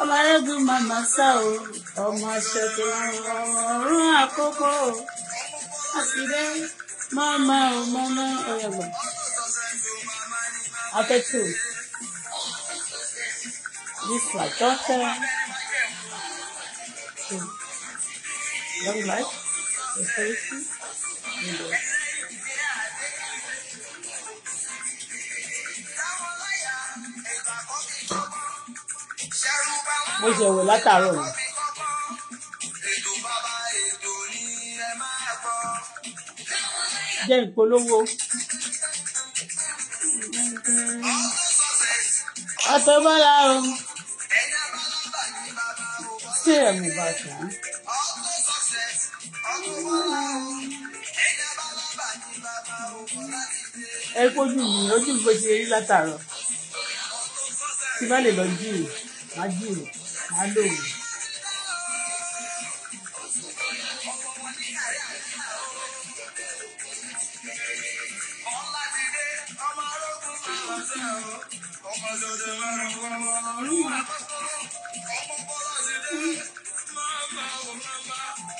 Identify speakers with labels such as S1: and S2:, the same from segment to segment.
S1: ọmọ ẹgún màmá sá o ọmọ aṣọ tó ọmọ ọrùn àkókò àṣìlẹ màmá
S2: o màmá ọyọgbà afẹtù this my daughter
S1: long life your faces, your lips.
S2: mo ṣe wò látàárọ̀ yìí. jẹ́
S1: ìpolówó. Auto Bola o. Tí ẹ̀ mú bàtà
S2: ẹ kójú mi ojú mi bó ṣe rí látàárọ̀ tí má lè lọ jírò má jírò má lòwò.
S1: Thank you.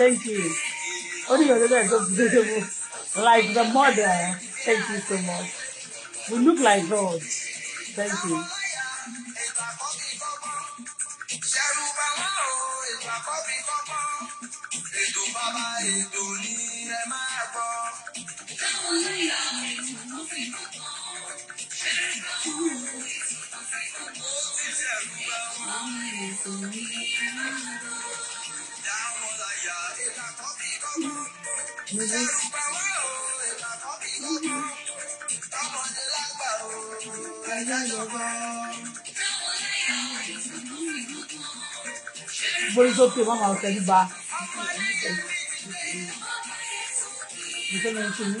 S2: Thank you. Only your daughter is so beautiful. Like the mother. Thank you so much. We look like God. Thank you.
S1: Ètò bàbá borí sókè má máa tẹ̀lé ba nítorí ẹni tó ní.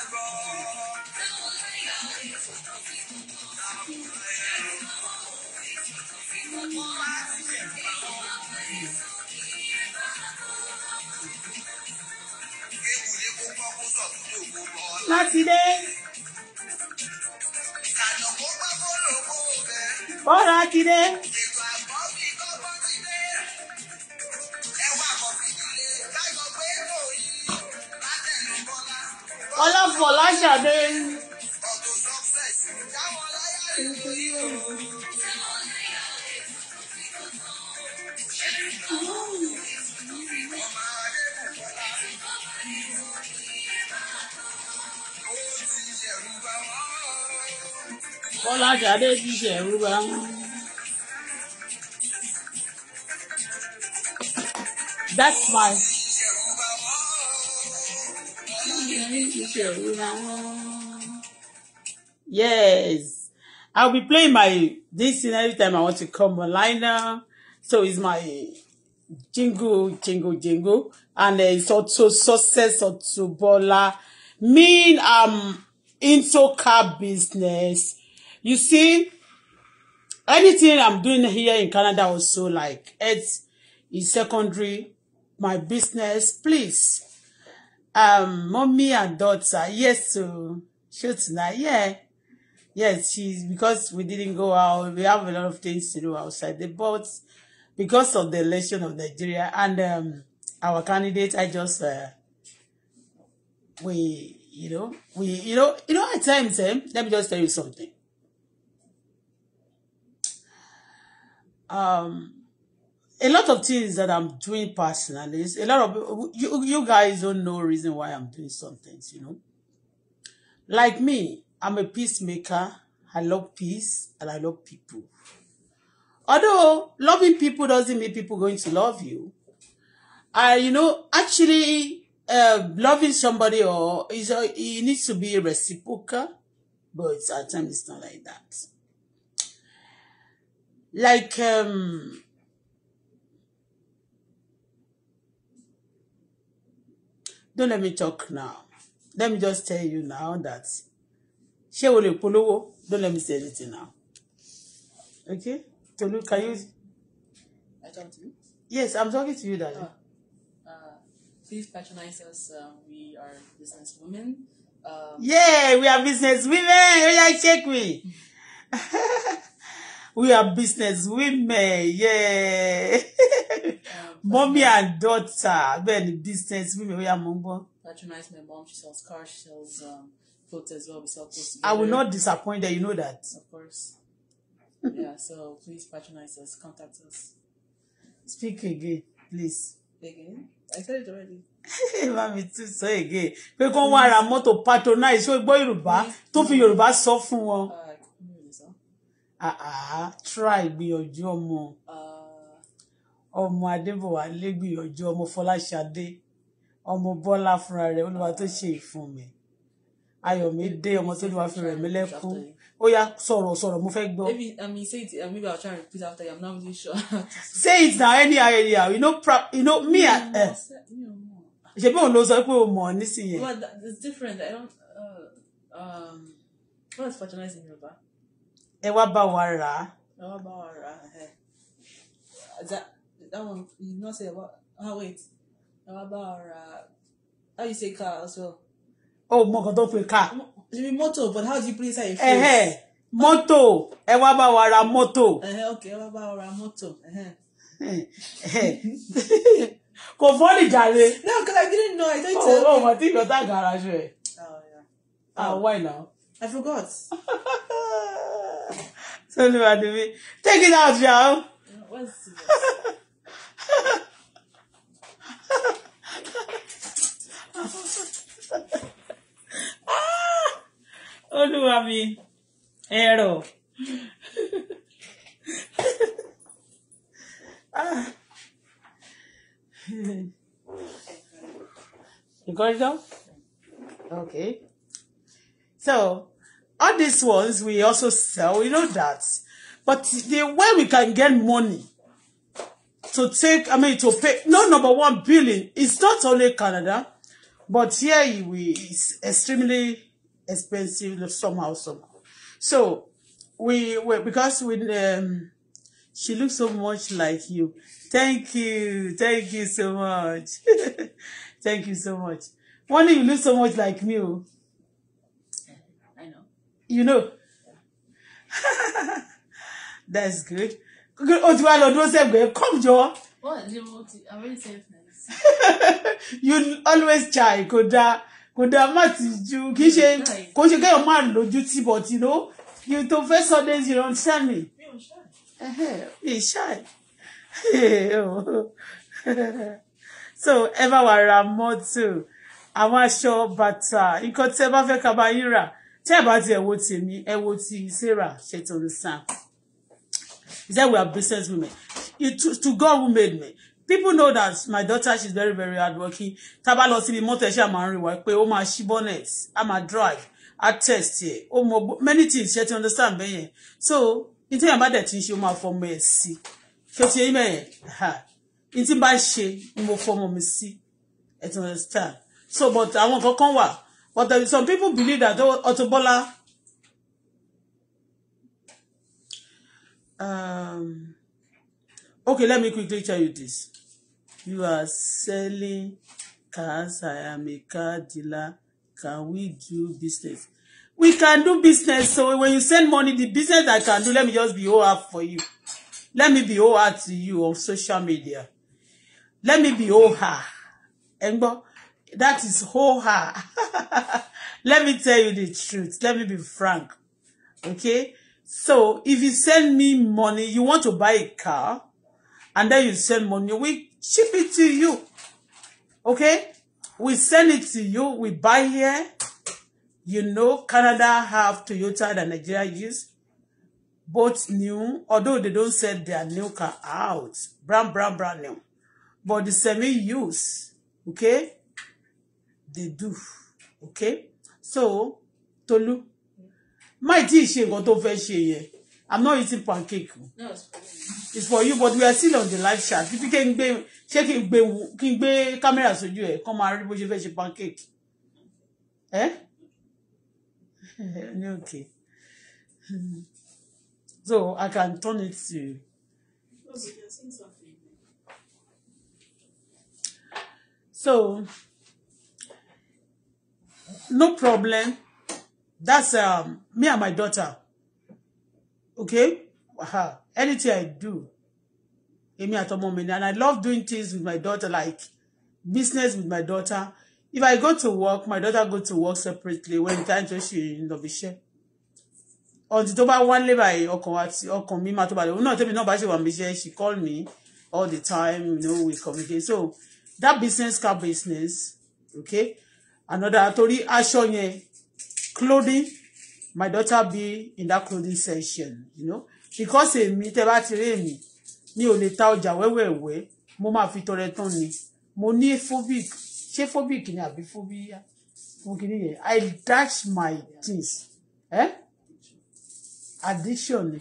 S1: sátidé. bọ́ra kìdé.
S2: ọlọ́fọ̀ láṣàdé. Fọláṣadé ti ṣẹ̀rú bá wọn. That's my. Yes, I'll be playing my this thing every time I want to come online now. So it's my jingle, jingle, jingle, and uh, it's also success Auto Bola. Mean I'm um, into car business. You see, anything I'm doing here in Canada also, like it's in secondary, my business, please. Um, mommy and daughter, yes, to shoot tonight, yeah. Yes, she's because we didn't go out, we have a lot of things to do outside. the bought because of the election of Nigeria and um, our candidate, I just uh, we you know we you know you know at times eh, let me just tell you something um, a lot of things that I'm doing personally. A lot of you, you guys don't know reason why I'm doing some things, you know. Like me, I'm a peacemaker. I love peace and I love people. Although loving people doesn't mean people going to love you. I, you know, actually uh, loving somebody or is uh, it needs to be reciprocal, but at times it's not like that like um don't let me talk now let me just tell you now that ṣé o lè polówó don't let me say anything now okay Tolu can you. I talk to you. yes I'm talking to you darling. Oh, uh, please patronize us uh, we are business women. Um, yeah we are business women oya check me. we are business women yeah mommy and daughter bẹ́ẹ̀ ni business women we are mo Patronize my mom she sells cars she sells um, clothes as well we sell clothes together. I will not disappoint her you know that. of course yeah so please patronize us contact us. speak again please. again I said it already. Mami tún sọ ègé pé kán wá ra mọ́tò patronize ṣó gbọ́ Yorùbá mm-hmm. tó fi Yorùbá sọ fún wọn. Uh, àá ah, ah, try gbìyànjú ọmọ uh. ọmọ adébọwálé gbìyànjú ọmọ fọláṣadé ọmọ bọlá fúnra rẹ̀ olúwa tó ṣe ìfún mi ayọ̀mídé ọmọ tó lùwà fún rẹ̀ mi lẹ́kún ó yá sọ̀rọ̀ sọ̀rọ̀ mo fẹ́ gbọ́. maybe i mean say it uh, maybe i will try and repeat after you i'm not really sure. say it na anyhow anyhow you know pra you know me eh. and. ṣebí òun ló sọ pé o mọ̀ nísìnyẹn. But it's different i don't. Uh, um, what is patronizing Yorùbá ẹ wá bá wa rà á. ẹ wá bá wa rà á ẹ that one you know say about ah wait ẹ wá bá wa rà á how you say car also. ó mọ nǹkan tó pe car. You mean moto? but how do you place that in phrase. mọ́tò ẹ wá bá wa ra mọ́tò. ok ẹ wá bá wa ra mọ́tò kò fọ́ọ̀lì jàre. no because i didn't know i don't tell you. ọwọ́ àti ìgbọ́ta garaṣọ ẹ̀. ah why now. i forgot. Something about the Take it out, y'all. What's this? Olúwa mi, ẹ̀rọ. You got it Okay. So, all these ones we also sell, you know that. But the way we can get money to take, I mean, to pay, no number one billing, it's not only Canada, but here we, is extremely expensive somehow, somehow. So, we, we because we, um, she looks so much like you. Thank you. Thank you so much. Thank you so much. One day you look so much like me you know that's good o ti wá lọ dúró sẹ́gbẹ̀ẹ́ come Joe. what is the motive you always try Koda. Koda, kò dáa má ti ju kì í ṣe kò ṣe kéèyàn má lójú tì but you know you to first sundays you understand me. he shy. Oh. so ever bá wa ra mọ́tò àwọn aṣọ bàtà nǹkan tí ẹ bá fẹ́ ká bá yín rà tẹ́ ẹ̀ bá ti ẹ̀ wo tèmi ẹ wo ti Sarah ṣètò nìsan he said we are business women it, to, to God who made me people know that my daughter is very very hardworking tá a bá lọ síbi mọ́tò ẹ̀ ṣe àmà ń rìn wá pé ó máa ṣí bonnet a máa drive a test ẹ̀ ó mọ many things ṣe ti understand bẹ́ẹ̀ yẹn so ní tí yàrá bá dẹ̀ ti ń ṣe ó máa fọmọ ẹ̀ sí ṣé ti yẹn bẹ́ẹ̀ yẹn ní tí bá ṣe mo fọmọ mi sí ẹ̀ ti understand so but àwọn kankan wà. But there some people believe that Otobola. Um, okay, let me quickly tell you this. You are selling cars. I am a car dealer. Can we do business? We can do business. So when you send money, the business I can do, let me just be OR for you. Let me be OR to you on social media. Let me be OR. Ẹ ń that is ho-ha. Let me tell you the truth. Let me be frank. Okay? So, if you send me money, you want to buy a car, and then you send money, we ship it to you. Okay? We send it to you, we buy here. You know, Canada have Toyota that Nigeria use. Both new, although they don't sell their new car out. Brand, brand, brand new. But the semi-use, okay? they do okay so Tolu my tí ì ṣe nǹkan tó fẹ́ ṣe yẹn i'm not eating pancake no, it's, for it's for you but we are still on the live chat If you can gbé ṣé kí n gbé kí n gbé kámẹ́rà sójú ẹ̀ kọ́ máa rí bó ṣe fẹ́ ṣe pancake ẹ́ eh? ní òkè so i can turn it to. you. So, no problem that's um, me and my daughter okay uh-huh. anything I do èmi at mi moment, and I love doing things with my daughter like business with my daughter if I go to work my daughter go to work separately when time to she in the ṣe ọtí the bá one level. ọkàn àti ọkàn mi máa tó balẹ̀ òun náà tẹ́mi náà bá ṣe wà mí ṣe she call me all the time you know we communicate so that business car business okay another torí aṣọ yẹn clothing my daughter be in that clothing section you know because èmi tẹ bá ti rí èmi mi ò lè ta ọjà wẹ́wẹ́wẹ́ mo máa fi tọrẹ tán ni mo ní phobic ṣé phobic ni àbí phobia fún kí nìyẹn i dash my things eh? addiction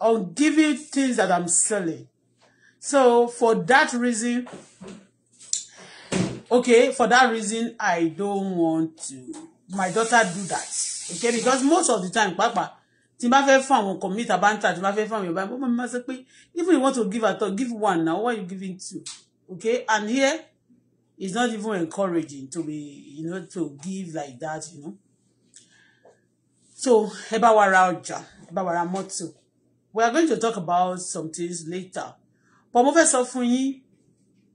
S2: on giving things that i'm selling so for that reason okay for that reason i don't want to my daughter do that okay because most of the time papa tí n bá fẹ́ fún àwọn commit abanta tí n bá fẹ́ fún àwọn yorùbá mo máa sọ pé if you want to give at all give one now what you giving two okay and here it's not even encouraging to be you know to give like that you know so ẹ bá wa ra ọjà ẹ bá wa ra mọ́tò we are going to talk about some things later but mo fẹ́ sọ fún yín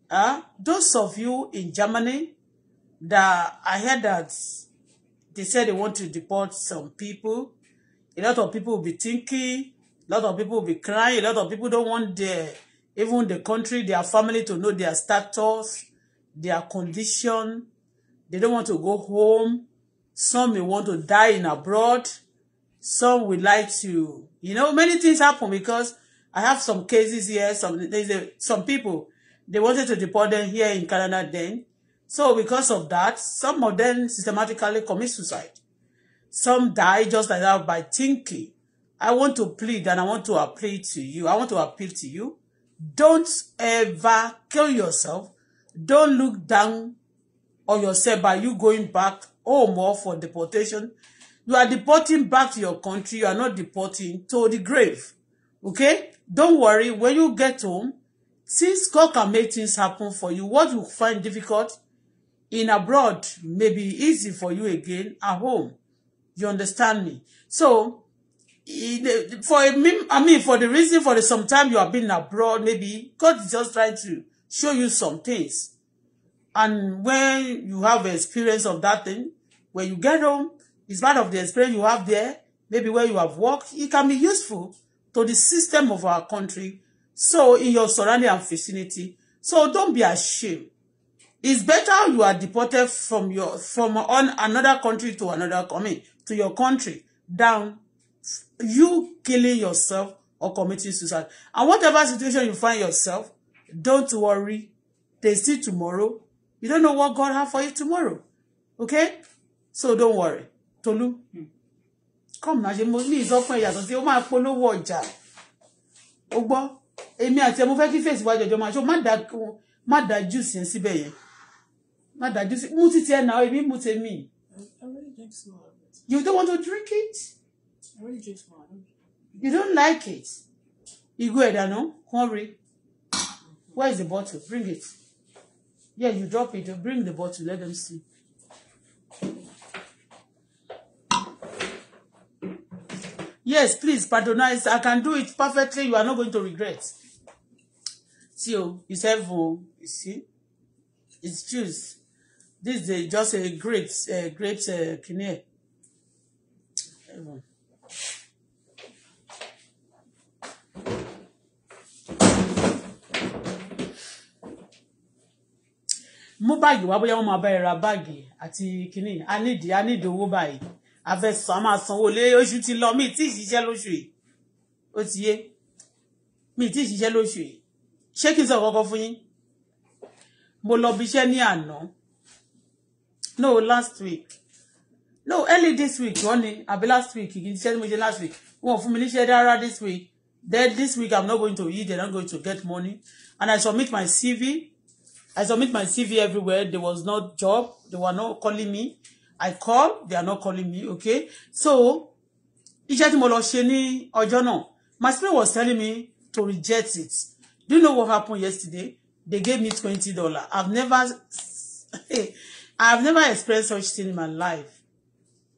S2: Uh, those of you in Germany that I heard that they said they want to deport some people, a lot of people will be thinking, a lot of people will be crying, a lot of people don't want their, even the country, their family to know their status, their condition. They don't want to go home. Some may want to die in abroad. Some would like to, you know, many things happen because I have some cases here, some, there's some people, They wanted to deport them here in Canada then. So because of that, some of them systematically commit suicide. Some die just like that by thinking. I want to plead and I want to appeal to you. I want to appeal to you. Don't ever kill yourself. Don't look down on yourself by you going back home or for deportation. You are deporting back to your country. You are not deporting to the grave. Okay? Don't worry. When you get home, Since God can make things happen for you, what you find difficult in abroad may be easy for you again at home. You understand me? So, for I mean, for the reason for the sometime you have been abroad, maybe God is just trying to show you some things. And when you have experience of that thing, when you get home, it's part of the experience you have there, maybe where you have worked, it can be useful to the system of our country So in your surrounding and vicinity. So don't be ashamed. It's better you are deported from your from on another country to another coming to your country than you killing yourself or committing suicide. And whatever situation you find yourself, don't worry. There's still tomorrow. You don't know what God has for you tomorrow. Okay? So don't worry. Tolu. Hmm. Come now, mo ní ìsọfún ẹ̀yà tó ti ó máa polówó ọjà. O gbọ́? èmi àti ẹ fẹ́ kí fèsì wájú ọjọ́ máa ṣó má da má da juice yẹn síbẹ̀ yẹn má da juice mú títí ẹ̀ náà èmi mú tèmi. You don't want to drink it? You don't like it? Ìgò ẹ̀dà náà kàn rí. Where is the bottle? Bring it. Yeah, you drop it. You bring the bottle. Let them see. yes please patronize i can do it perfectly you are not going to regret see o you sef o you see it's juice this dey just a grapes uh, grapes uh, kini e. mú báàgì wá bóyá wọn máa bá ẹ ra báàgì àti kínní a nídìí a nídìí owó báyìí afẹ́sàn á máa sanwó lé oṣù ti lọ mi tí ìṣiṣẹ́ lóṣù yìí ó ti yé mi tí ìṣiṣẹ́ lóṣù yìí ṣé kí n sọ kọ́kọ́ fún yín mo lọ bí iṣẹ́ ní àná no last week no early this week wọ́n ní àbí last week kì í ṣiṣẹ́ tí mo ṣe last week wọn ò fún mi níṣẹ́ dára this week then this week i'm not going to eat I'm not going to get money and i submit my cv i submit my cv everywhere there was no job they were not calling me I call, they are not calling me, okay? So, iṣẹ́ tí mo lọ ṣe ní ọjọ́ náà, my spirit was telling me to reject it. Do you know what happened yesterday? They gave me twenty dollar. I've never, I've never experienced such thing in my life.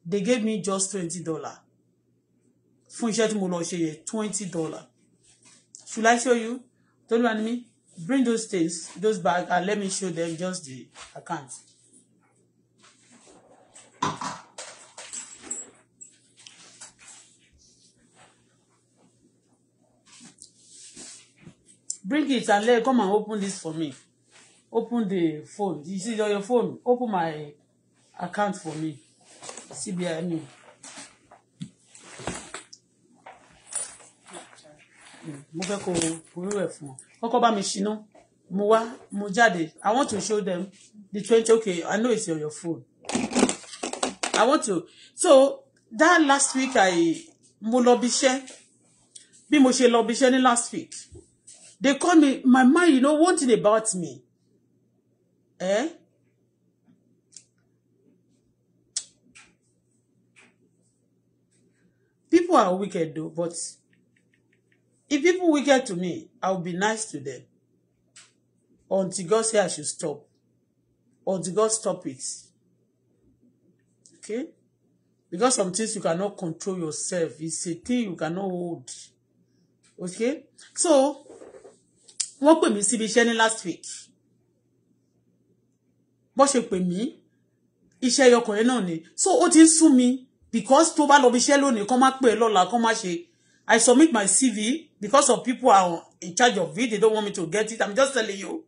S2: They gave me just twenty dollar. Fún iṣẹ́ tí mo lọ ṣe yẹn, twenty dollar. Should I show you? Don't you want me? Bring those things, those bags, and let me show them just the account. bring it and let come and open this for me open the phone you see your phone open my account for me CBN me. Hmm, mo fẹ́ kó orú ẹ̀ fún ọ kọ́kọ́ bá mi ṣínà mo wá mo jáde i want to show them the twenty okay i know it's on your phone i want to so that last week i mo lọ bí iṣẹ́ bí mo ṣe lọ bí iṣẹ́ ní last week They call me, my mind, you know one thing about me. Eh? People are wicked though, but if people wicked to me, I'll be nice to them. Until God say I should stop. Until God stop it. Okay? Because some things you cannot control yourself. It's a thing you cannot hold. Okay? So, wọ́n pè mí síbi iṣẹ́ ní last week bó ṣe pè mí iṣẹ́ ẹyọkùnrin náà ni so ó ti ń sú mi because tó bá lọ bí iṣẹ́ lónìí kán má pè é lọ́la kán má ṣe I submit my CV because of people are in charge of it they don't want me to get it I'm just telling you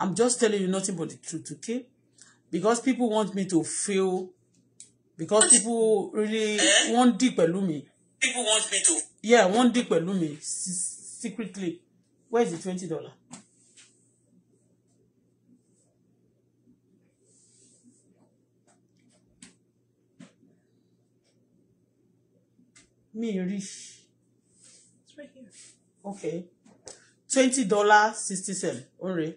S2: I'm just telling you nothing but the truth okay because people want me to feel. because people really eh? wọ́n dì pẹ̀lú mi. people want me to. yeah wọ́n dì pẹ̀lú mi secretly Where's the twenty dollar. Me mi rí okay twenty dollar sixty cent ọ̀rẹ́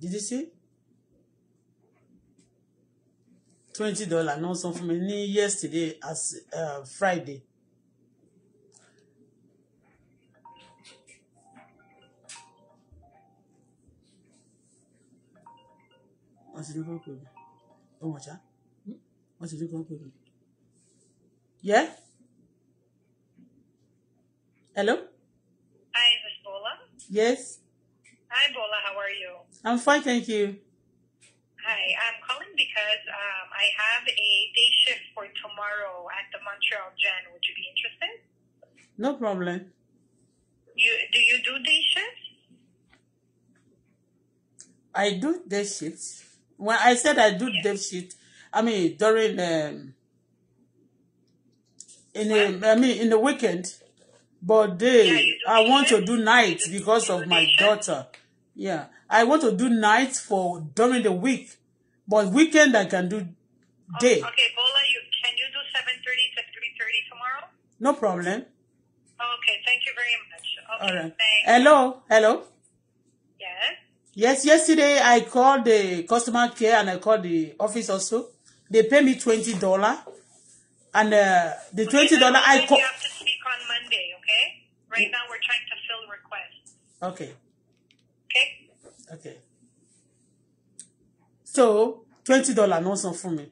S2: did you see twenty dollar náà san fún mi ní yesterday as uh, Friday What's ti dín kọ́ pè mí that. What's wọ́n ti dín hello.
S1: hi this Bola. yes. hi Bola how are you.
S2: I'm fine thank you.
S1: hi I'm calling because um, I have a day shift for tomorrow at the Montreal Gen would you be interested. no problem. you do you do day shifts.
S2: I do day shifts when I said I do dev shit, I mean during um, in the I mean in the weekend, but they I want to do night because of my daughter. Yeah, I want to do night for during the week, but weekend I can do oh, day. Okay, Bola, you
S1: can you do seven
S2: thirty to three thirty tomorrow? No problem. Okay, thank you very much. Okay, All right. Thanks. Hello, hello. Yes, yesterday I called the customer care and I called the office also. They pay me twenty dollar, and uh, the twenty dollar okay, I call. You have to speak on Monday, okay? Right now we're trying to fill requests. Okay. Okay. Okay. So twenty dollar no san fún mi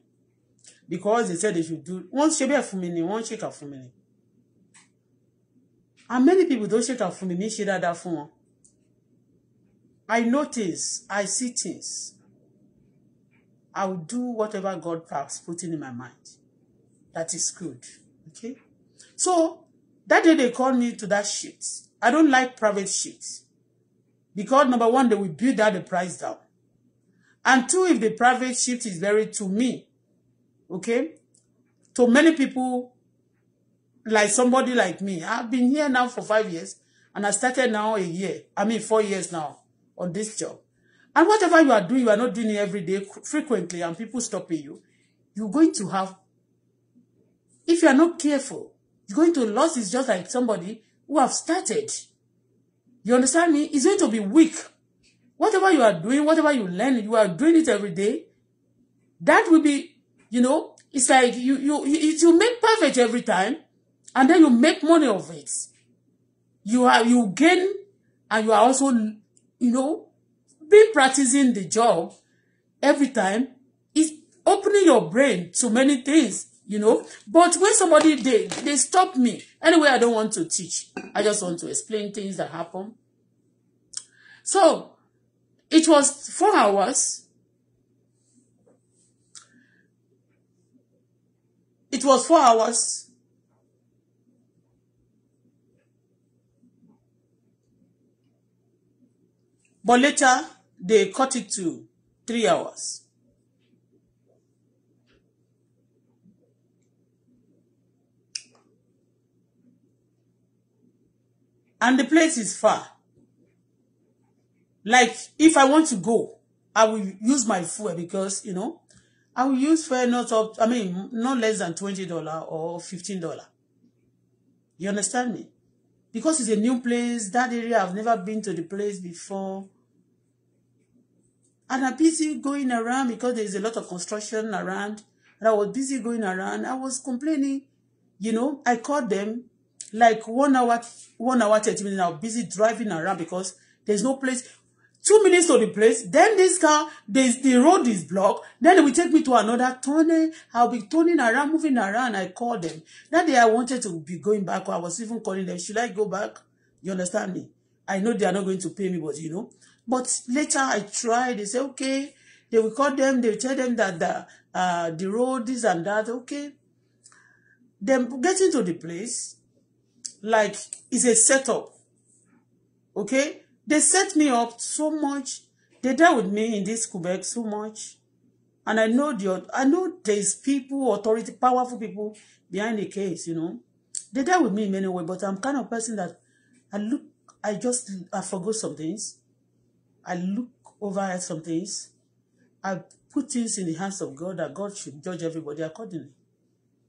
S2: because they said they should do wọ́n ṣe bẹ́ẹ̀ fún mi ni wọ́n ṣèkà fún and many people don ṣèkà fún mi mi ṣe dáadáa fún wọn. I know things, I see things. I will do whatever God has put in my mind. That is good. Okay? So, that day they called me to that shit. I don't like private shit. Because number one, they will build out the price down. And two, if the private shit is very to me, okay? To many people, like somebody like me, I've been here now for five years, and I started now a year. I mean, four years now. on this job. And whatever you are doing, you are not doing it every day frequently and people stopping you, you're going to have, if you are not careful, you're going to lose. It's just like somebody who have started. You understand me? It's going to be weak. Whatever you are doing, whatever you learn, you are doing it every day. That will be, you know, it's like you, you, you, you make perfect every time and then you make money of it. You are, you gain and you are also you know, being practicing the job every time is opening your brain to many things, you know. But when somebody they they stop me anyway, I don't want to teach. I just want to explain things that happen. So it was four hours. It was four hours But later, they cut it to three hours. And the place is far. Like, if I want to go, I will use my fuel because, you know, I will use fuel not up, I mean, not less than $20 or $15. You understand me? Because it's a new place, that area, I've never been to the place before. And I'm busy going around because there's a lot of construction around. And I was busy going around. I was complaining. You know, I called them like one hour, one hour, 30 minutes. I was busy driving around because there's no place. Two minutes to the place. Then this car, this, the road is blocked. Then it will take me to another tunnel. I'll be turning around, moving around. I called them. That day I wanted to be going back. I was even calling them. Should I go back? You understand me? I know they are not going to pay me, but you know. But later I tried, they say, okay, they will call them, they will tell them that the, uh, the road, this and that, okay. Then getting to the place, like, it's a setup, okay. They set me up so much. They dealt with me in this Quebec so much. And I know the, I know there's people, authority, powerful people behind the case, you know. They dealt with me in many ways, but I'm kind of person that I look, I just, I forgot some things. I look over at some things. I put things in the hands of God that God should judge everybody accordingly.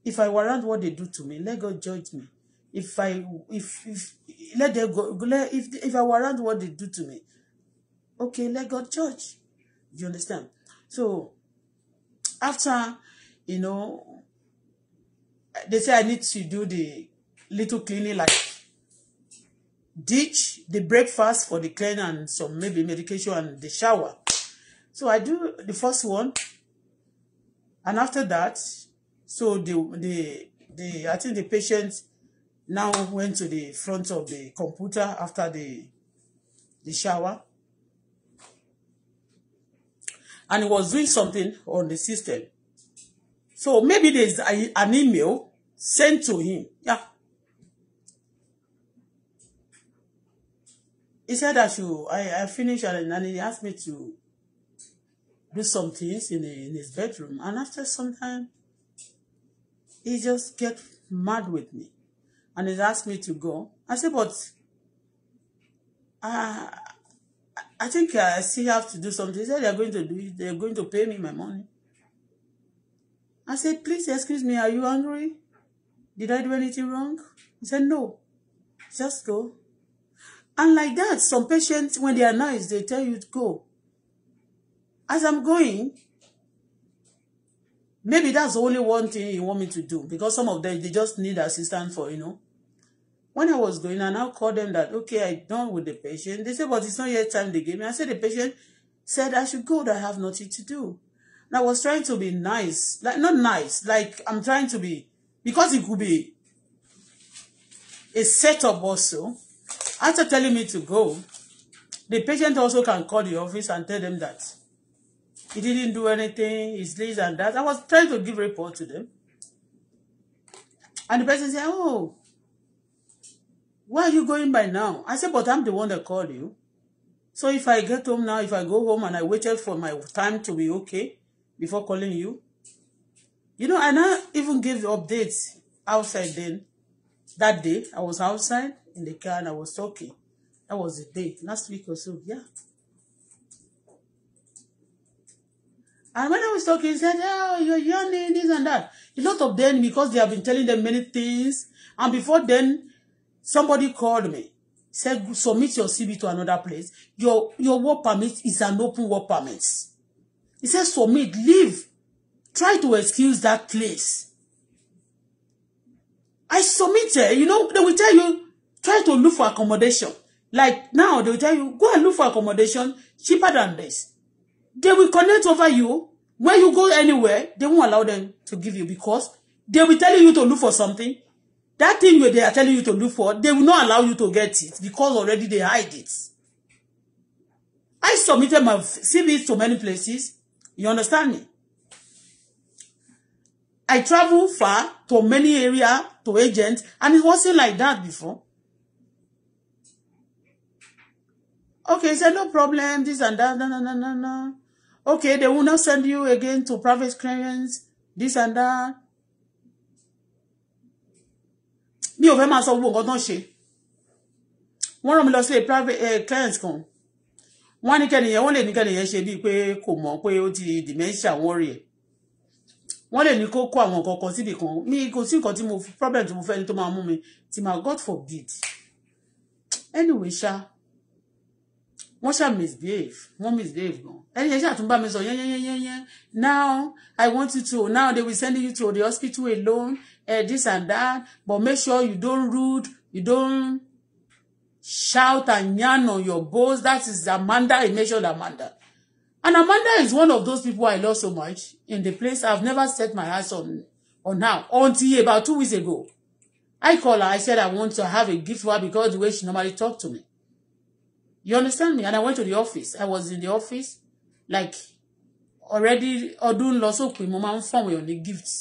S2: If I warrant what they do to me, let God judge me. If I if if let them go let, if if I warrant what they do to me, okay, let God judge. You understand? So after you know they say I need to do the little cleaning like ditch the breakfast for the clean and some maybe medication and the shower. So I do the first one, and after that, so the the the I think the patient now went to the front of the computer after the the shower, and he was doing something on the system. So maybe there's a, an email sent to him. Yeah, He said I should, I, I finished and then he asked me to do some things in, a, in his bedroom. And after some time, he just get mad with me. And he asked me to go. I said, but I, I think I still have to do something. He said, they're going to do it. They're going to pay me my money. I said, please excuse me, are you angry? Did I do anything wrong? He said, no, just go. And like that, some patients, when they are nice, they tell you to go. As I'm going, maybe that's only one thing you want me to do because some of them, they just need assistance for, you know. When I was going, I now called them that, okay, I'm done with the patient. They said, but it's not yet time they gave me. I said, the patient said I should go, that I have nothing to do. And I was trying to be nice, like not nice, like I'm trying to be, because it could be a setup also After telling me to go, the patient also can call the office and tell them that he didn't do anything, it's this and that. I was trying to give report to them. And the person said, oh, why are you going by now? I said, but I'm the one that called you. So if I get home now, if I go home and I waited for my time to be okay before calling you, you know, I now even gave updates outside then. That day, I was outside in the car and I was talking. That was the day, last week or so, yeah. And when I was talking, he said, oh, you're yawning, this and that. A lot of them, because they have been telling them many things. And before then, somebody called me, said, submit your CV to another place. Your, your work permit is an open work permit. He said, submit, leave. Try to excuse that place. I submitted, you know, they will tell you, Try to look for accommodation. Like now, they will tell you, go and look for accommodation cheaper than this. They will connect over you. When you go anywhere, they won't allow them to give you because they will tell you to look for something. That thing where they are telling you to look for, they will not allow you to get it because already they hide it. I submitted my CVs to many places. You understand me? I travel far to many area to agents, and it wasn't like that before. Okay, say no problem, this and that, no, no, no, no, no. Okay, they will not send you again to private clients, this and that. Mi ò fẹ́ máa sọ gbogbo nǹkan tán ṣe. Wọ́n rán mi lọ sí private eh, clients kan. Wọ́n ní kẹ́nìyẹn, wọ́n lè ní kẹ́nìyẹn ṣe bíi pé kò mọ̀ pé ó ti dementia wọ́n rí ẹ̀. Wọ́n lè ní kó kó àwọn nǹkan kan síbì kan. Mi kò sí nǹkan tí mo problem tí mo fẹ́ ní tó máa mú mi tí máa God forbid. Anyway, ṣáá wọ́n ṣá misbehave wọ́n misbehave gan ẹni yẹn ṣàtúnbá mi sọ yẹn yẹn yẹn yẹn now i want you to now they will send you to the hospital alone uh, this and that but make sure you don't rude you don't shout and yarn on your boss that is amanda i mentioned amanda and amanda is one of those people i love so much in the place I have never set my eyes on on her until about two weeks ago i call her i said i want to have a gift for her because the way she normally talk to me You understand me? And I went to the office. I was in the office, like already ọdún lọ sópin mo máa ń fún àwọn èèyàn ní gifts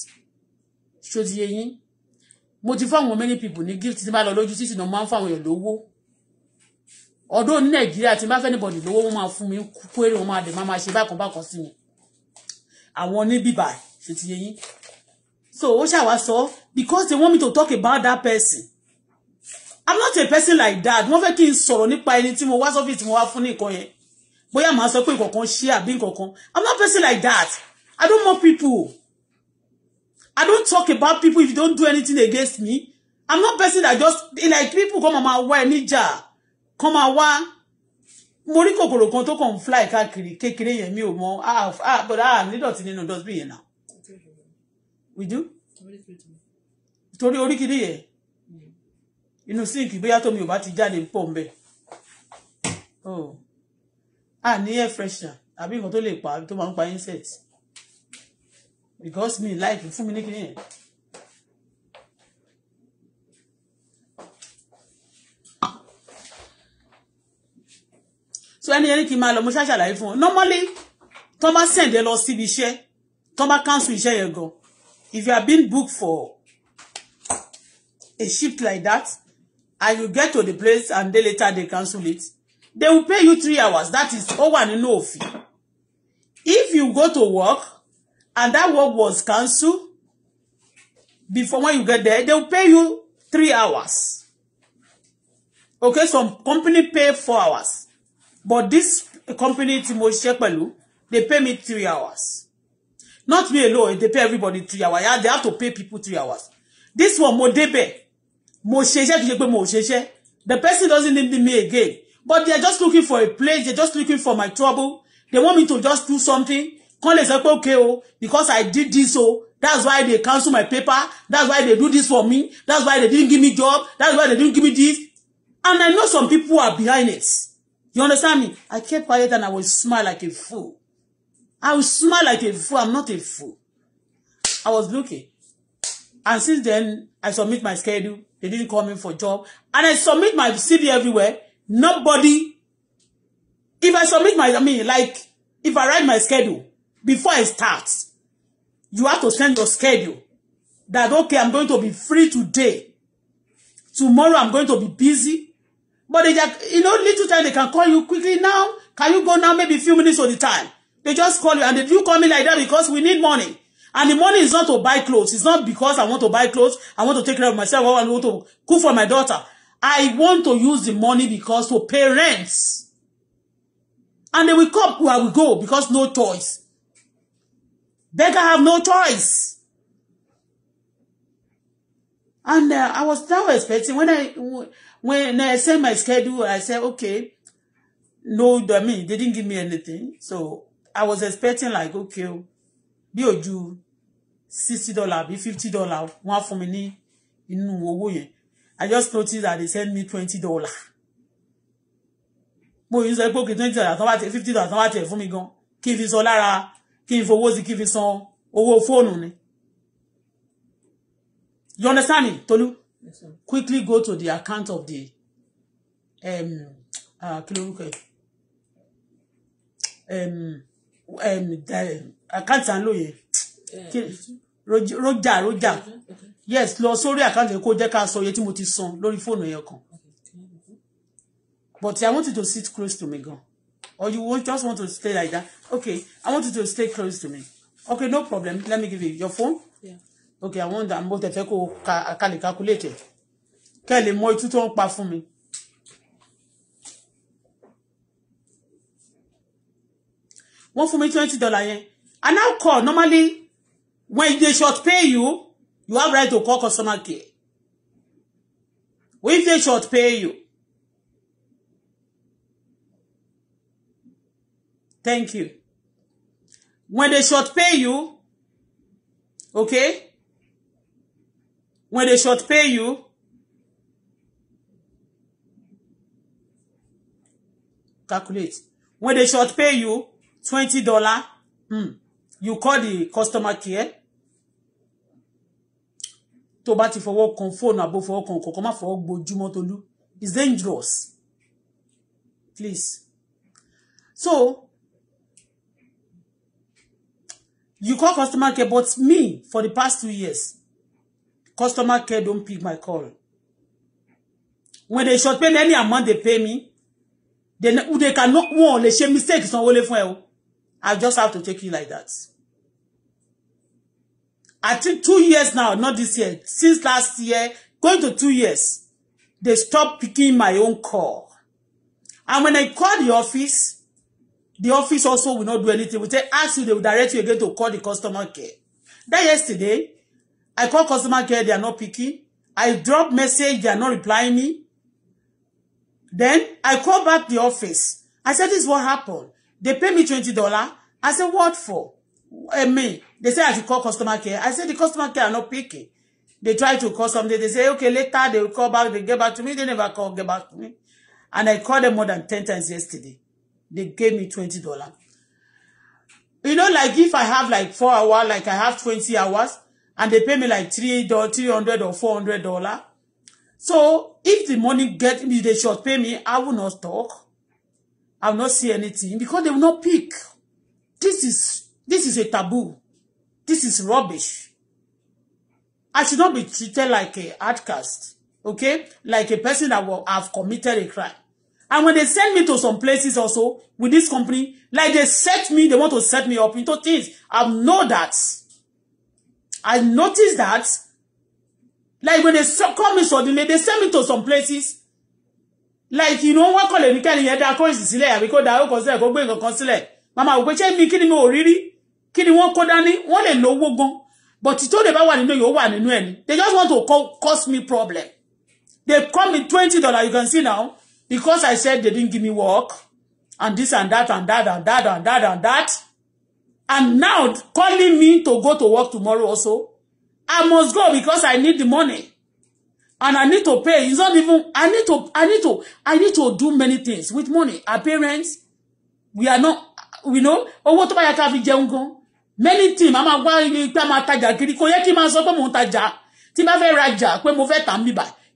S2: ṣó ti yé yín mo ti fún many people ní gifts tí n bá lọ lójú títì náà mo máa ń fún àwọn èèyàn lówó ọdún ní nàìjíríà tí n bá fẹ́ anybody lówó wọ́n máa fún mi kú èrè wọ́n máa dẹ̀ máa ṣe bákan bákan sí mi àwọn ní bíbà ṣó ti so ó ṣàwá sọ because they want me to talk about that person i'm not a person like that wọ́n fẹ́ kí n sọ̀rọ̀ nípa ẹni tí mo wá sọ́fíì tí mo wá fún ní nǹkan yẹn bóyá màá sọ pé nǹkan ṣe àbí nǹkan kan i'm not a person like that i don't mock people i don't talk about people if you don't do anything against me i'm not a person that just like people come and ma wá ẹ níjà come and wá mo rí kòkòrò kan tó kàn ń fly káàkiri kékeré yẹn mi ò mọ ah, ah but ah nídọ̀tí nínú dustbin yẹn náà we do torí orí kìíní yẹn inú síǹkì bóyá tómi ò bá ti jáde ń pọ̀ ń bẹ̀ oh. a ní air freshener àbí nǹkan tó lè pa tó máa ń pa insect because me like fún mi ní kíni yẹn. so ẹni ẹni kì í máa lọ mo ṣàṣàlàyé fún ọ normally tó bá send ẹ lọ síbi iṣẹ́ tó bá cancel iṣẹ́ yẹn gan if you have been booked for a shift like that and you get to the place and then later they cancel it they will pay you three hours that is all wà nínú òfin if you go to work and that work was canceled before when you get there they will pay you three hours okay some company pay four hours but this company tí mo they pay me three hours not me alone they pay everybody three hours yeah they have to pay people three hours this one mo débẹ̀ mo ṣe iṣẹ́ kì í ṣe pé mo ṣe iṣẹ́ the person doesn't need me again but they are just looking for a place they are just looking for my trouble they want me to just do something kan lè sọ pé okay o because I did this o that's why they cancel my paper that's why they do this for me that's why they didn't give me job that's why they didn't give me this and I know some people are behind it you understand me I kept quiet and I will smile like a fool I will smile like a fool I'm not a fool I was looking And since then, I submit my schedule. They didn't call me for job. And I submit my CV everywhere. Nobody, if I submit my, I mean, like, if I write my schedule before I start, you have to send your schedule that, okay, I'm going to be free today. Tomorrow I'm going to be busy. But they just, you know, little time they can call you quickly now. Can you go now? Maybe few minutes of the time. They just call you and they do call me like that because we need money. And the money is not to buy clothes. It's not because I want to buy clothes. I want to take care of myself. I want to cook for my daughter. I want to use the money because to pay rent. And they will come where we go because no choice. Beggar have no choice. And uh, I was now expecting when I when I sent my schedule, I said, okay, no, I mean, they didn't give me anything. So I was expecting like, okay, oh, bí ojú sixty dollar àbí fifty dollar wọ́n á fún mi ní inú owó yẹn I just noticed that they send me twenty dollar mo yìí sọ pé òkè twenty dollar tán bá tẹ fifty dollar tán bá tẹ fún mi gan kí n fi san lára kí n fowó sí kí n fi san owó fóònù ni you understand me Tolu yes, quickly go to the account of the um, uh, kí ló rúkọ ẹ um, um, the account à ń lò yẹn. Eh, roja roja yes lọ sórí àkáǹtì kó jẹ́ ká sọ iye tí mo ti san lórí fóònù ẹ̀yọ kan but i want you to sit close to me gan or you just want to stay like that okay i want you to stay close to me okay no problem let me give you your phone yeah. okay i want am both ẹfẹ kó ká lè calculate kẹ́ ẹ lè mọ itú tó ń pa fún mi. wọ́n fún mi twenty dollar yẹn i now call normally When they should pay you, you have right to call customer care. When they should pay you, thank you. When they should pay you, okay? When they should pay you, calculate. When they should pay you $20, mm, you call the customer care tó bá ti fọwọ́ kan fóònù àbò fọwọ́ kan kọ̀ọ̀kan má fọwọ́ gbojúmọ́ tolú it's dangerous please so you call customer care but me for the past two years customer care don pick my call when they short pay any amount they pay me they, they cannot won. ò lè mistake sanwó lé fún ẹ o i just have to take you like that. I think two years now, not this year, since last year, going to two years, they stopped picking my own call. And when I call the office, the office also will not do anything. We say, ask you, they will direct you again to call the customer care. That yesterday, I call customer care, they are not picking. I drop message, they are not replying me. Then I call back the office. I said, this is what happened. They pay me $20. I said, what for? I me, they say I should call customer care. I say the customer care are not picky. They try to call something. They say, okay, later they will call back. They get back to me. They never call, get back to me. And I called them more than 10 times yesterday. They gave me $20. You know, like if I have like four hours, like I have 20 hours, and they pay me like $3, $300 or $400. So if the money get me, they should pay me, I will not talk. I will not see anything because they will not pick. This is This is a taboo. This is rubbish. I should not be treated like a outcast, okay? Like a person that will have committed a crime. And when they send me to some places also with this company, like they set me, they want to set me up into things. I know that. I noticed that. Like when they call me suddenly, they send me to some places. Like, you know, what call lè ní kẹ́ni yẹn dá kọ́rìsì sílẹ̀ àbíkó dá ó I sílẹ̀ kó gbé nǹkan kan sílẹ̀. Màmá wò pé ṣé mi kí ni mi ò rí rí? kí ni wọ́n kó dání wọ́n lè lówó gan but tí tó lè bá wà nínú yóò wà nínú ẹ̀ ni they just want to cause me problem they call me twenty dollars you can see now because I said they didn't give me work and this and that and that and that and that and that and now calling me to go to work tomorrow also I must go because I need the money and I need to pay. It's not even I need to I need to I need to do many things with money. Our parents, we are not we know owó tó bá yẹ ká fi jẹun gan many team màá máa wá iye pé a máa tajà kiri kò yẹ kí n máa sọ pé mò ń tajà tí n bá fẹ́ rajà pé mo fẹ́ tà ń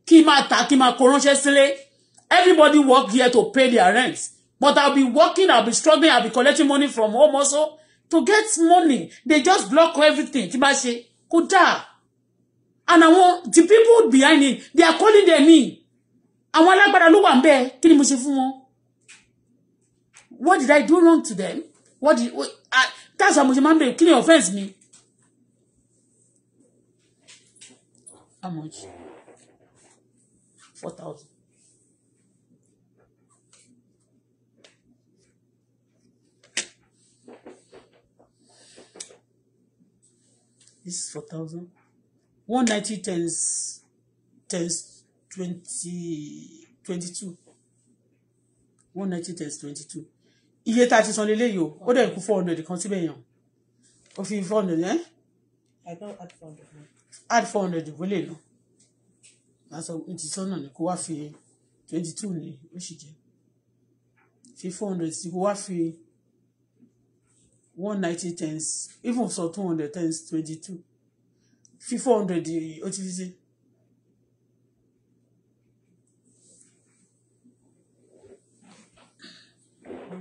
S2: kí n máa kí n kó ránṣẹ́ sílé everybody work here to pay their rent but I'll be working I'll be struggling I'll be collecting money from home also to get money they just block everything tí bá ṣe kò dáa and àwọn the people behind it they are calling their name àwọn alágbára ló wà ń bẹ kí ni mo ṣe fún wọn what did I do wrong to them what did I, that's how mo ṣe máa ń bèrè kí ni offence mi. how much four thousand. this is four thousand one ninety tens tens twenty twenty two one ninety tens twenty two iye tá a ti san lélẹ́yìí o ó de kú four hundred kan síbẹ̀ yàn ó fi four hundred yẹn. Eh? I don't add four hundred. add four hundred wọlé lọ lásán ní ti sọ́nà ni kó wá fi twenty two ni ó sì jẹ́ fi four hundred sí kó wá fi one ninety tens even sọ two hundred tens twenty two fi four hundred ó ti fi sí.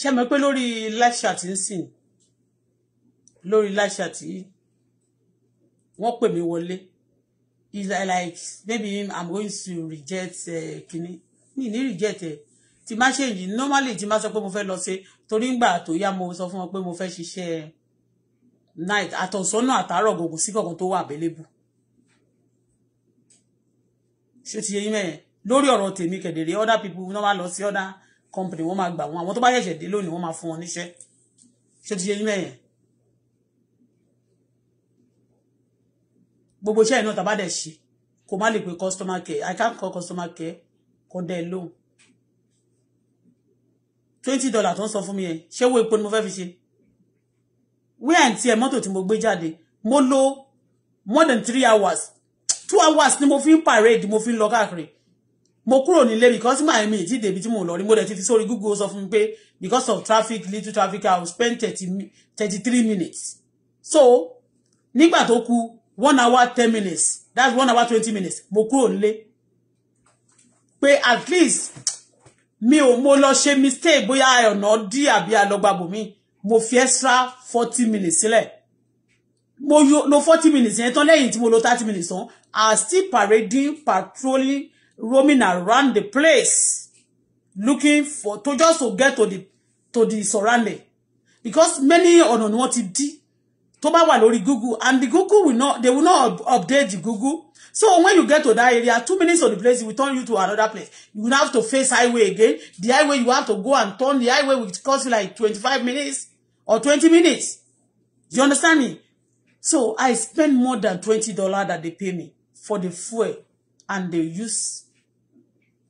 S2: ṣe mọ̀ pé lórí live chat ń sìn lórí live chat yìí wọ́n pè mí wọlé is like maybe i'm going to reject uh, eh, kini mi ní reject ẹ tí má ṣe yìí normally tí má sọ pé mo fẹ́ lọ ṣe torí ngbà tó yá mo sọ fún wọn pé mo fẹ́ ṣiṣẹ́ night àtọ̀sọ́nà àtàárọ̀ gbogbo sí kankan tó wà available ṣé ti yẹ yín mẹ́yẹn lórí ọ̀rọ̀ tèmi kedere other people normal lọ sí other company wọ́n máa gbà wọn àwọn tó bá ṣẹ̀ṣẹ̀ dé lónìí wọ́n máa fún wọn níṣẹ́ ṣé ti yé yín mẹ́yẹn. gbogbo iṣẹ́ náà tàbá dẹ̀ ṣe kò má lè pe customer care i can't call customer care kò dẹ̀ lóhùn twenty dollar tó ń sọ fún mi yẹn ṣé owó epo ni mo fẹ́ fi ṣe wíyà ń tiẹ̀ mọ́tò tí mo gbé jáde mo lo more than three hours two hours ni mo fi ń parade mo fi ń lọ káàkiri mo kúrò nílé because my mi ti débi tí mo lọ rí mo dẹ̀ ti fi sórí google sọ fún mi pé because of traffic little traffic i will spend thirty thirty three minutes so nígbà tó kù one hour ten minutes that's one hour twenty minutes mo kúrò nílé pé at least mi ò mo lọ ṣe mistake bóyá ọ̀nà dí àbí alọ́gbàbò mi mo fi extra forty minutes sílẹ̀ mo lo forty minutes yẹn tán lẹ́yìn tí mo lo thirty minutes tán i still parading patrolling roaming around the place looking for to just to get to the to the surrounding because many ọ̀nà ni wọ́n ti dí tó google and the google will not they will not update the google so when you get to that area two minutes of the place will turn you to another place you will have to face highway again the highway you have to go and turn the highway will cost you like twenty-five minutes or twenty minutes you understand me so i spend more than twenty dollars that they pay me for the fuel and the use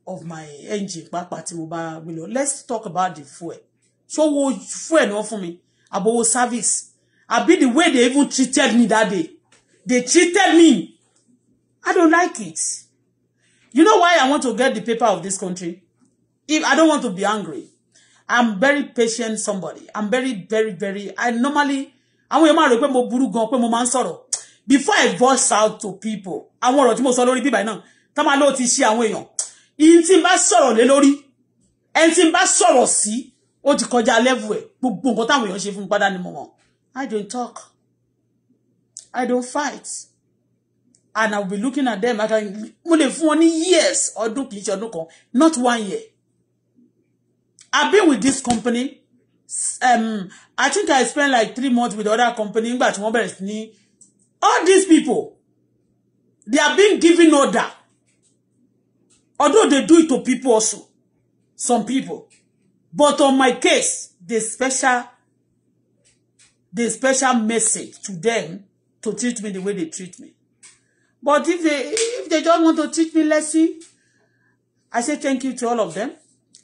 S2: of my engine pàápàá tí mo bá gbé lọ let's talk about the fuel ṣówó fuel ni wọ́n fún mi àbówó service àbí the way they even treated me that day they treated me I don't like it you know why I want to get the paper of this country if I don't want to be angry I'm very patient somebody. I'm very, very, very. I normally, àwọn èèyàn máa rò pé mo burú gan pé mo máa ń sọ̀rọ̀. Before I voice out to people, àwọn ọ̀rọ̀ tí mo sọ lórí bíbá náà, tá máa lóò ti ṣe àwọn èèyàn ìyí tí n bá sọ̀rọ̀ lé lórí ẹni tí n bá sọ̀rọ̀ ti kọjá level ẹ̀ gbogbo nǹkan táwọn èèyàn ṣe fún mi ni mo mọ̀ I don't talk I don't fight and I will be looking at them after mo lè fún wọn years ọdún kìí ṣe ọdún kan not one year I've been with this company um, I think I spent like three months with other company nígbà tí wọ́n bẹ̀rẹ̀ sí all these people they are being given order Although they do it to people also, some people. But on my case, the special, the special message to them to treat me the way they treat me. But if they if they don't want to treat me let's see. I say thank you to all of them.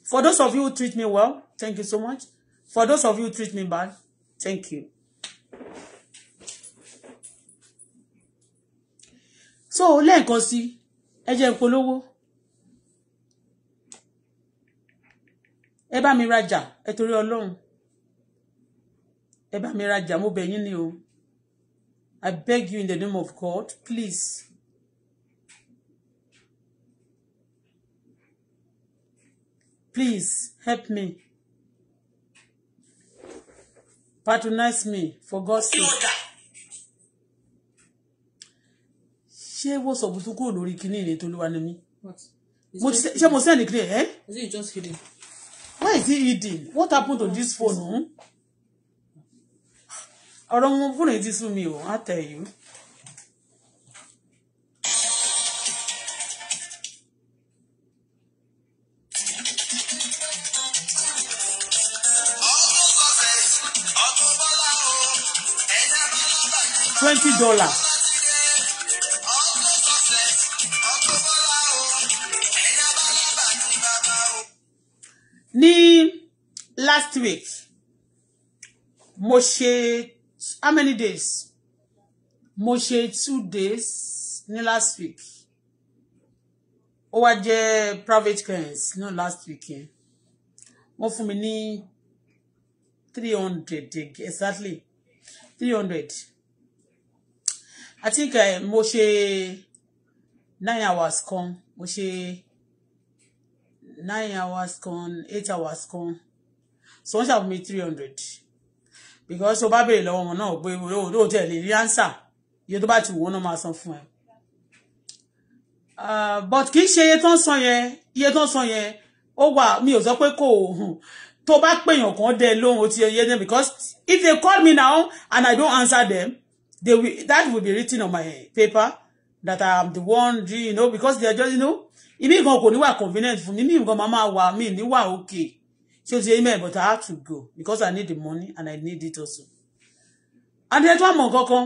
S2: For those of you who treat me well, thank you so much. For those of you who treat me bad, thank you. So let's sí ẹ jẹ́ polówó ẹ bá mi rajà ẹ torí ọlọ́run ẹ bá mi rajà mo bẹ̀ yín ni o I beg you in the name of God please. Please help me. Patronize me for God's sake. ṣé wọ́n sọ bùtú kúrò lórí kinní ìrètò olúwa ni mí ṣé mo sẹ́ni kiri ẹ̀. Is it just kidding? where is he hidden what happened to this phone hmm? ọ̀rọ̀ wọn fún èyí ti sú mi o I tell you. twenty dollars. last week mo ṣe how many days mo ṣe two days ní last week ó wá jẹ́ private clients ní last week yẹn wọ́n fún mi ní three hundred exactly three hundred i think uh, mo ṣe nine hours kan mo ṣe nine hours kan eight hours kan so wọ́n ṣàfún mi three hundred because o bá béèrè lọ́wọ́ wọn náà pé o tẹ̀ lè rí ánsà iye tó bá ti wò ó náà máa san fún ẹ. Ah, but kì í ṣe iye tó ń san yẹn iye tó ń san yẹn ó wà mi ò sọ pé kò hùn tó bá pèèyàn kan dẹ lóhun ti yẹ dem because if they call me now and I don't answer them they will that will be written on my paper that I am the one you know because they are just you know ìmí nǹkan kò ní wà convenient fún mi ìmí nǹkan máa máa wà mí ní wà okay. She was ti amen but I have to go because I need the money and I need it also and ẹ one, àmọ̀ kankan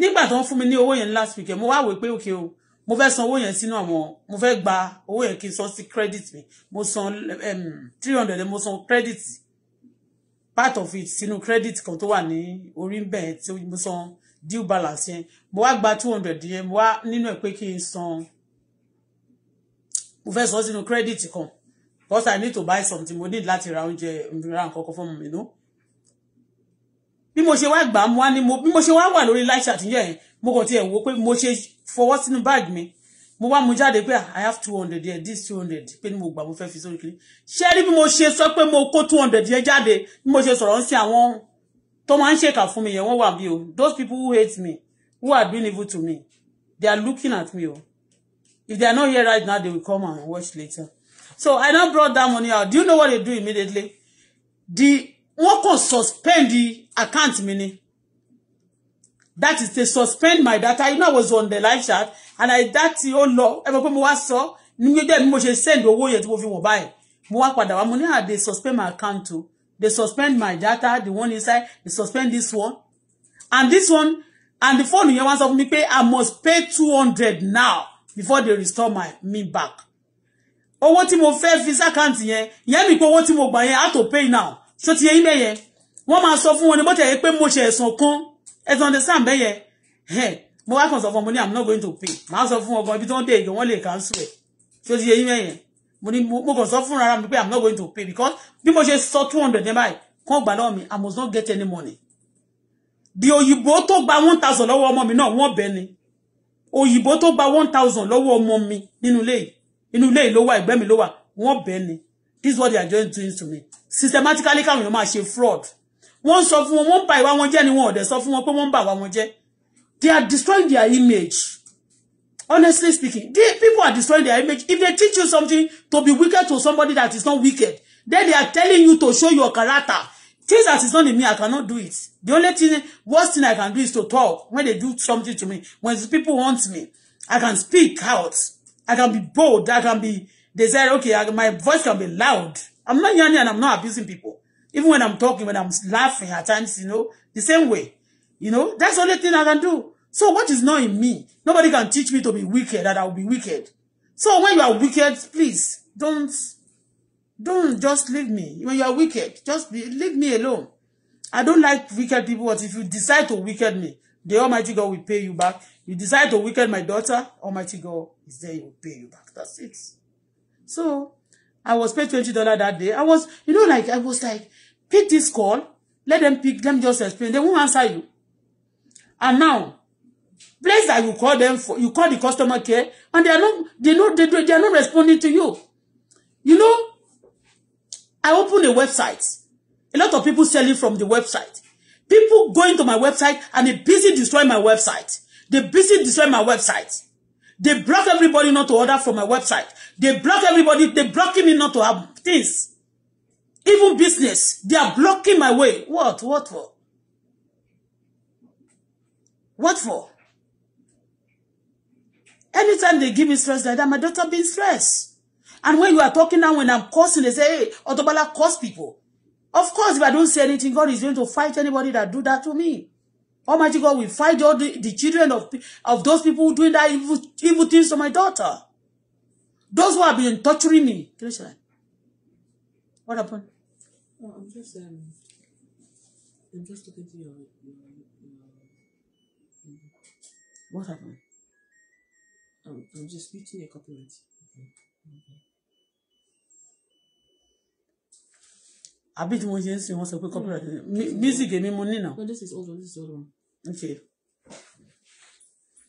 S2: nígbà tó ń fún mi ní owó yẹn last week mo wá wò pé òkè o mo fẹ́ san owó yẹn sínú àwọn mo fẹ́ gba owó yẹn kí n san sí credit mi mo san three hundred mo san credit part of it sínú credit kan tó wà ní orí ń bẹ̀ tí mo san due balance yẹn mo wá gba two hundred yẹn mo wá nínú ẹ̀ pé kí n san mo fẹ́ sọ sínú credit kan because i need to buy something mo need láti ra oúnjẹ ra nǹkan kan fún mi nù bí mo ṣe wá gbà mo wá ní mo bí mo ṣe wá wà lórí live chat yẹn mo kàn tiẹ̀ wo pé mo ṣe fọwọ́ sínú bag mi mo wá mu jáde pé ah, i have two hundred yẹn this two hundred pé ni mo gbà mo fẹ́ fi sórí kiri ṣé rí bí mo ṣe sọ pé mo kó two hundred yẹn jáde bí mo ṣe sọ̀rọ̀ ń sin àwọn tó máa ń ṣèkà fún mi yẹn wọ́n wà bí o those people who hate me who are being evil to me they are looking at me o. Oh. If they are not here right now, they will come and watch later. So I now brought that money out. Do you know what they do immediately? The wọ́n kàn suspend the account meaning That is they suspend my data. You know I was on the live chat and I that ó lọ. Ẹ mọ̀ pé mo wá sọ ní gbẹ́dẹ́ mo ṣe send owó yẹn tí mo fi wọ̀ báyìí. Mo wá padà wá mo ní à ah, they suspend my account o. They suspend my data the one inside they suspend this one and this one and the phone yẹn wá sọ fún mi pé I must pay two hundred now before they restore my me back owó tí mo fẹ́ fi sákàǹtì yẹn ìyẹn mi pé owó tí mo gbà yẹn how to pay now So ti yẹ yín bẹ́yẹn wọ́n máa sọ fún wọn ni bó tẹ̀yẹ pé mo ṣe ẹ̀sùn kan ẹ̀sùn understand bẹ́yẹn mo wá kàn sọ fún ọmọ i'm not going to pay màá sọ fún ọgbọ́n ibi tí wọ́n dé ìgbẹ́ wọ́n lè cancel ẹ̀ ṣó ti yẹ yín bẹ́yẹn mo ní mo kàn sọ fún ara mi pé i'm not going to pay because bí mo ṣe sọ two hundred ní báyìí kàn gbà mi i must not get any money bí òyìnbó to gba one thousand lọ́wọ́ ọmọ mi náà wọ́n bẹ́ẹ̀ ni òyìnbó tó gba one thousand lọ́wọ́ ọmọ mi nínú ilé yìí inú ilé yìí ló wà ẹ̀gbẹ́ mi ló wà wọ́n bẹ́ẹ̀ ni this is what they are just doing to me systematically káwọn èèyàn máa ṣe fraud wọ́n sọ fún wọn wọ́n bà ìwà wọn jẹ́ ni wọn ò dẹ̀ sọ fún wọn pé wọ́n bà ìwà wọn jẹ́ they are destroying their image honestly speaking they, people are destroying their image if they teach you something to be wicked to somebody that is not wicked then they are telling you to show your character Things that is not in me, I cannot do it. The only thing, worst thing I can do is to talk when they do something to me. When people want me, I can speak out. I can be bold. I can be, they say, okay, I, my voice can be loud. I'm not yelling and I'm not abusing people. Even when I'm talking, when I'm laughing at times, you know, the same way. You know, that's the only thing I can do. So what is not in me? Nobody can teach me to be wicked, that I will be wicked. So when you are wicked, please, don't Don't just leave me. When you are wicked, just be, leave me alone. I don't like wicked people, but if you decide to wicked me, the Almighty God will pay you back. You decide to wicked my daughter, Almighty God is there, he will pay you back. That's it. So, I was paid $20 that day. I was, you know, like, I was like, pick this call, let them pick, Them just explain. They won't answer you. And now, place that you call them for, you call the customer care, and they are not, they know, they, they are not responding to you. You know, I opened a website. A lot of people selling from the website. People going to my website and they busy destroy my website. They busy destroy my website. They block everybody not to order from my website. They block everybody. They blocking me not to have things. Even business. They are blocking my way. What? What for? What for? Anytime they give me stress like that, my daughter being stressed. And when you are talking now, when I'm cursing, they say, hey, Otobala curse people. Of course, if I don't say anything, God is going to fight anybody that do that to me. Almighty God will fight all the, the children of, of those people doing that evil, evil things to my daughter. Those who have been torturing me. What happened? Well, I'm just, um, I'm just looking to your, What happened? I'm, I'm just reading of compliment. àbí tí mo ṣe ń sìn wọ́n sọ pé copyright mm. music èmi mo nínà. no this is old one this is old one. okay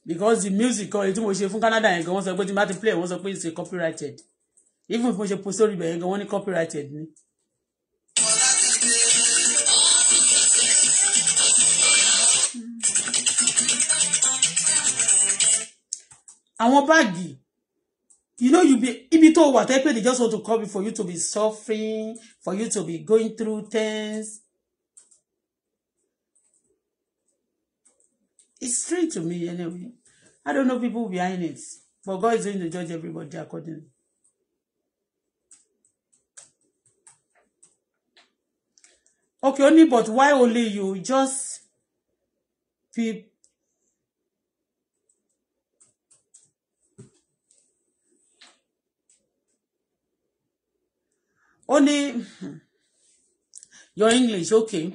S2: because the music kan èyí tí mo ṣe fún Canada yẹn gan wọ́n sọ pé tí n bá ti play wọ́n sọ pé it's a copyrighted even if mo ṣe post orí ibẹ̀ yẹn gan wọ́n ní copyrighted ni. àwọn báàgì you know you be ibi tó wà tẹ́ pé they just want to call me for you to be suffering for you to be going through things it's strange to me anyway I don't know people behind it but God is going to judge everybody accordingly. Okay, only but why only you just people ó ní your English okay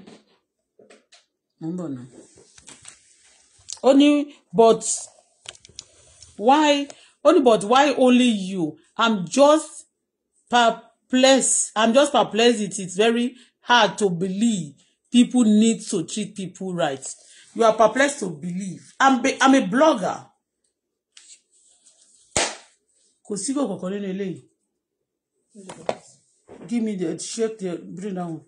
S2: mo ń bọ̀ náà ó ní but why ó ní but why only you i'm just perplexed i'm just perplexed it is very hard to believe people need to treat people right you are perplexed to believe i'm, be, I'm a blogger kò sí kò kọ̀ọ̀kan nínú eléyìí. Give me the shake the bring down.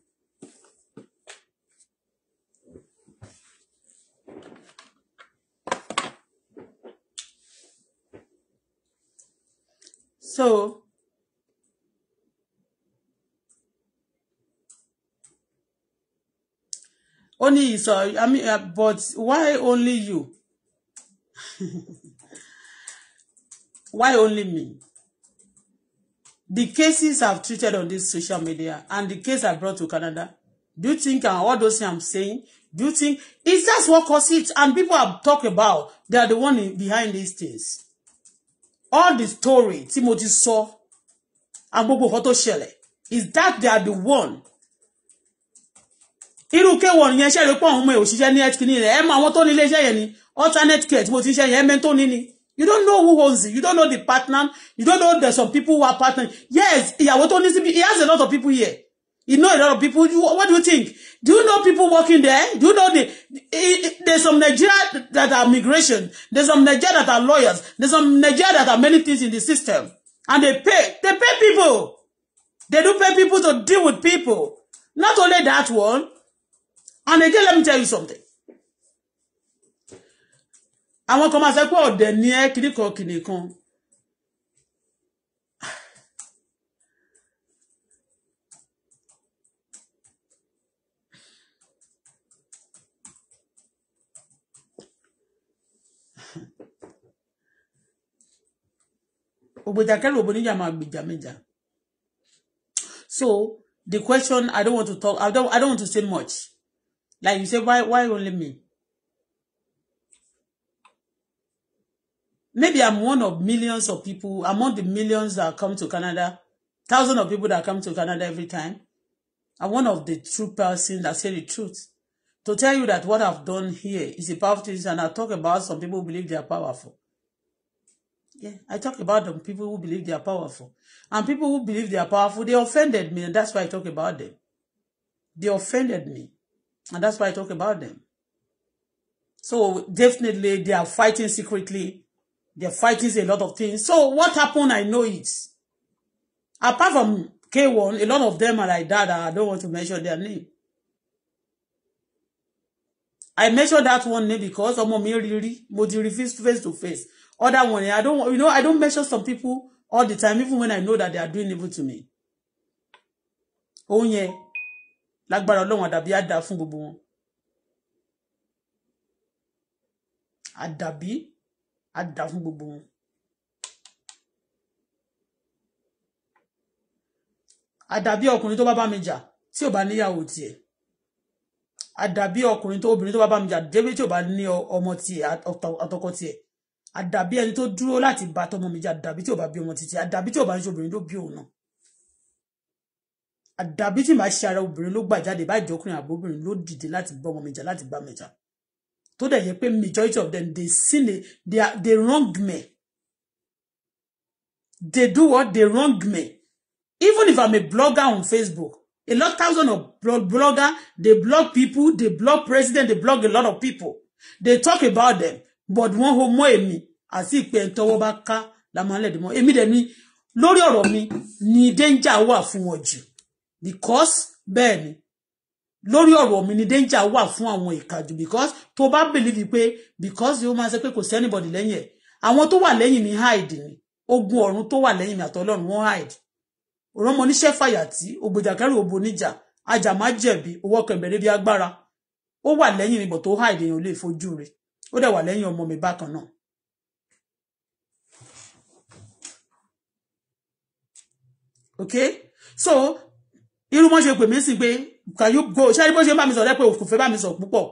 S2: So only so I mean uh, but why only you? Why only me? the cases I've treated on this social media and the case I brought to Canada, do you think and all those things I'm saying, do you think it's just what causes it? And people have talked about they are the one in, behind these things. All the story Timothy saw and gbogbo nǹkan tó is that they are the one. Irú kéwọ̀n yẹn ṣẹ́rí pọ̀ àwọn ọmọ òṣìṣẹ́ ní health clinic ẹ̀ mọ àwọn tó ní iléeṣẹ́ yẹn ni alternate care tí mo ti ń ṣe yẹn mẹ́tò ní ni. You don't know who owns it. You don't know the partner. You don't know there's some people who are partners. Yes, ìyàwó tó ní síbi, he has a lot of people here. You know a lot of people. You, what do you think? Do you know people working there? Do you know the, the there's some Nigeria that are migration. There's some Nigeria that are lawyers. There's some Nigeria that are many things in the system. And they pay. They pay people. They do pay people to deal with people. Not only that one. And again, let me tell you something àwọn kan máa sọ pé ọ̀dẹ̀ ni ẹ́ kìnnìkan kìnnìkan ògbèjà kẹrù ògbóníjà máa gbèjà méjà so the question i don't want to talk i don't i don't want to say much like you say why why only me maybe I'm one of millions of people, among the millions that come to Canada, thousands of people that come to Canada every time. I'm one of the true persons that say the truth. To tell you that what I've done here is a powerful thing, and I talk about some people who believe they are powerful. Yeah, I talk about them, people who believe they are powerful. And people who believe they are powerful, they offended me, and that's why I talk about them. They offended me, and that's why I talk about them. So definitely they are fighting secretly They're fighting a lot of things. So what happened, I know it. Apart from K1, a lot of them are like that. I don't want to mention their name. I mentioned that one name because ọmọ mi really mo ti refuse face to face. Other one, I don't, you know, I don't mention some people all the time, even when I know that they are doing evil to me. Oh yeah, lágbára Ọlọ́run àdàbí àdá fún gbogbo wọn. Àdàbí á dá fún gbogbo wọn. àdàbí ọkùnrin tó bá bá mi jà tí ò bá níyàwó tiẹ̀ àdàbí ọkùnrin tó obìnrin tó bá bá mi jà débí tí ò bá ní ọmọ tiẹ̀ àtọkọ tiẹ̀ àdàbí ẹni tó dúró láti bá tọmọ mi jà àdàbí tí ò bá bí ọmọ títí àdàbí tí ò bá ń obìnrin ló bí òun náà àdàbí tí màá ṣe ara obìnrin ló gbà jáde bá ìjọkùnrin àbóbìnrin ló dìde láti bá mi jà láti bá mi jà tó dẹ̀ yẹ pé majority of them they sin it they, they wrong me they do what they wrong me even if I'm a blogger on Facebook a lot thousand of blog blogger they blog people they blog president they blog a lot of people they talk about them but wọ́n ho mọ́ èmi àti ìpè ẹ̀ńtọ́wọ́ bá ká la máa ń lẹ̀dí mọ́ èmi dẹ̀ ni lórí ọ̀rọ̀ mi ni danger wà fún wọn jù because bẹ́ẹ̀ lórí ọ̀rọ̀ mi ni danger wà fún àwọn ìkàjù because tó bá believe pé because ó máa ṣe pé kò sí anybody lẹ́yìn ẹ̀ àwọn tó wà lẹ́yìn mi hide ni ogun ọ̀run tó wà lẹ́yìn mi àtọ́lọ́run wọ́n hide òrọ́mọ oníṣẹ́ fàyàtì ògbèjàkẹ́rù òbò níjà ajàmájẹ̀bi owó kẹ̀mbẹ̀rẹ̀ bí agbára ó wà lẹ́yìn mi bọ̀ tó hide èèyàn lè fojú rẹ̀ ó dẹ̀ wà lẹ́yìn ọmọ mi bákan náà. okay so irú mọ́ ṣe pè mí sí pé can you go ṣé bó ṣe bá mi sọ lẹ́pẹ́ kò fẹ́ bá mi sọ púpọ̀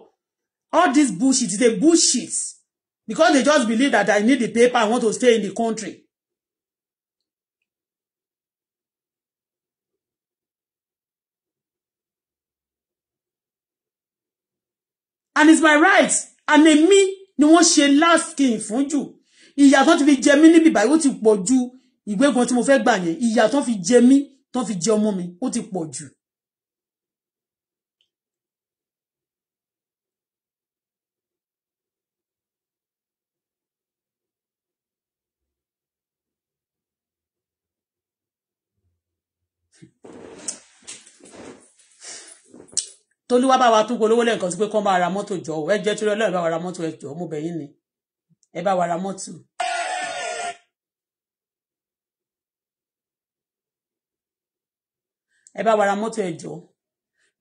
S2: all this bullshit is a bullshit because they just believe that I need the paper and want to stay in the country. and it's my right and èmi ni wọ́n ṣe last king fún jù ìyà tọ́n ti fi jẹ mí níbi báyìí ó ti pọ̀ jù ìgbégun tí mo fẹ́ gbà yẹn ìyà tọ́n fi jẹ mí tọ́n fi jẹ ọmọ mi ó ti pọ̀ jù tolúwa bá wa tún polówó lẹ́ẹ̀kan sí pé kán bá ra mọ́tò jọ ẹ jẹ́ torí ọlọ́run bá wa ra mọ́tò ẹ jọ mo bẹ̀ ni ẹ bá wa ra mọ́tò. ẹ bá wa ra mọ́tò ẹ jọ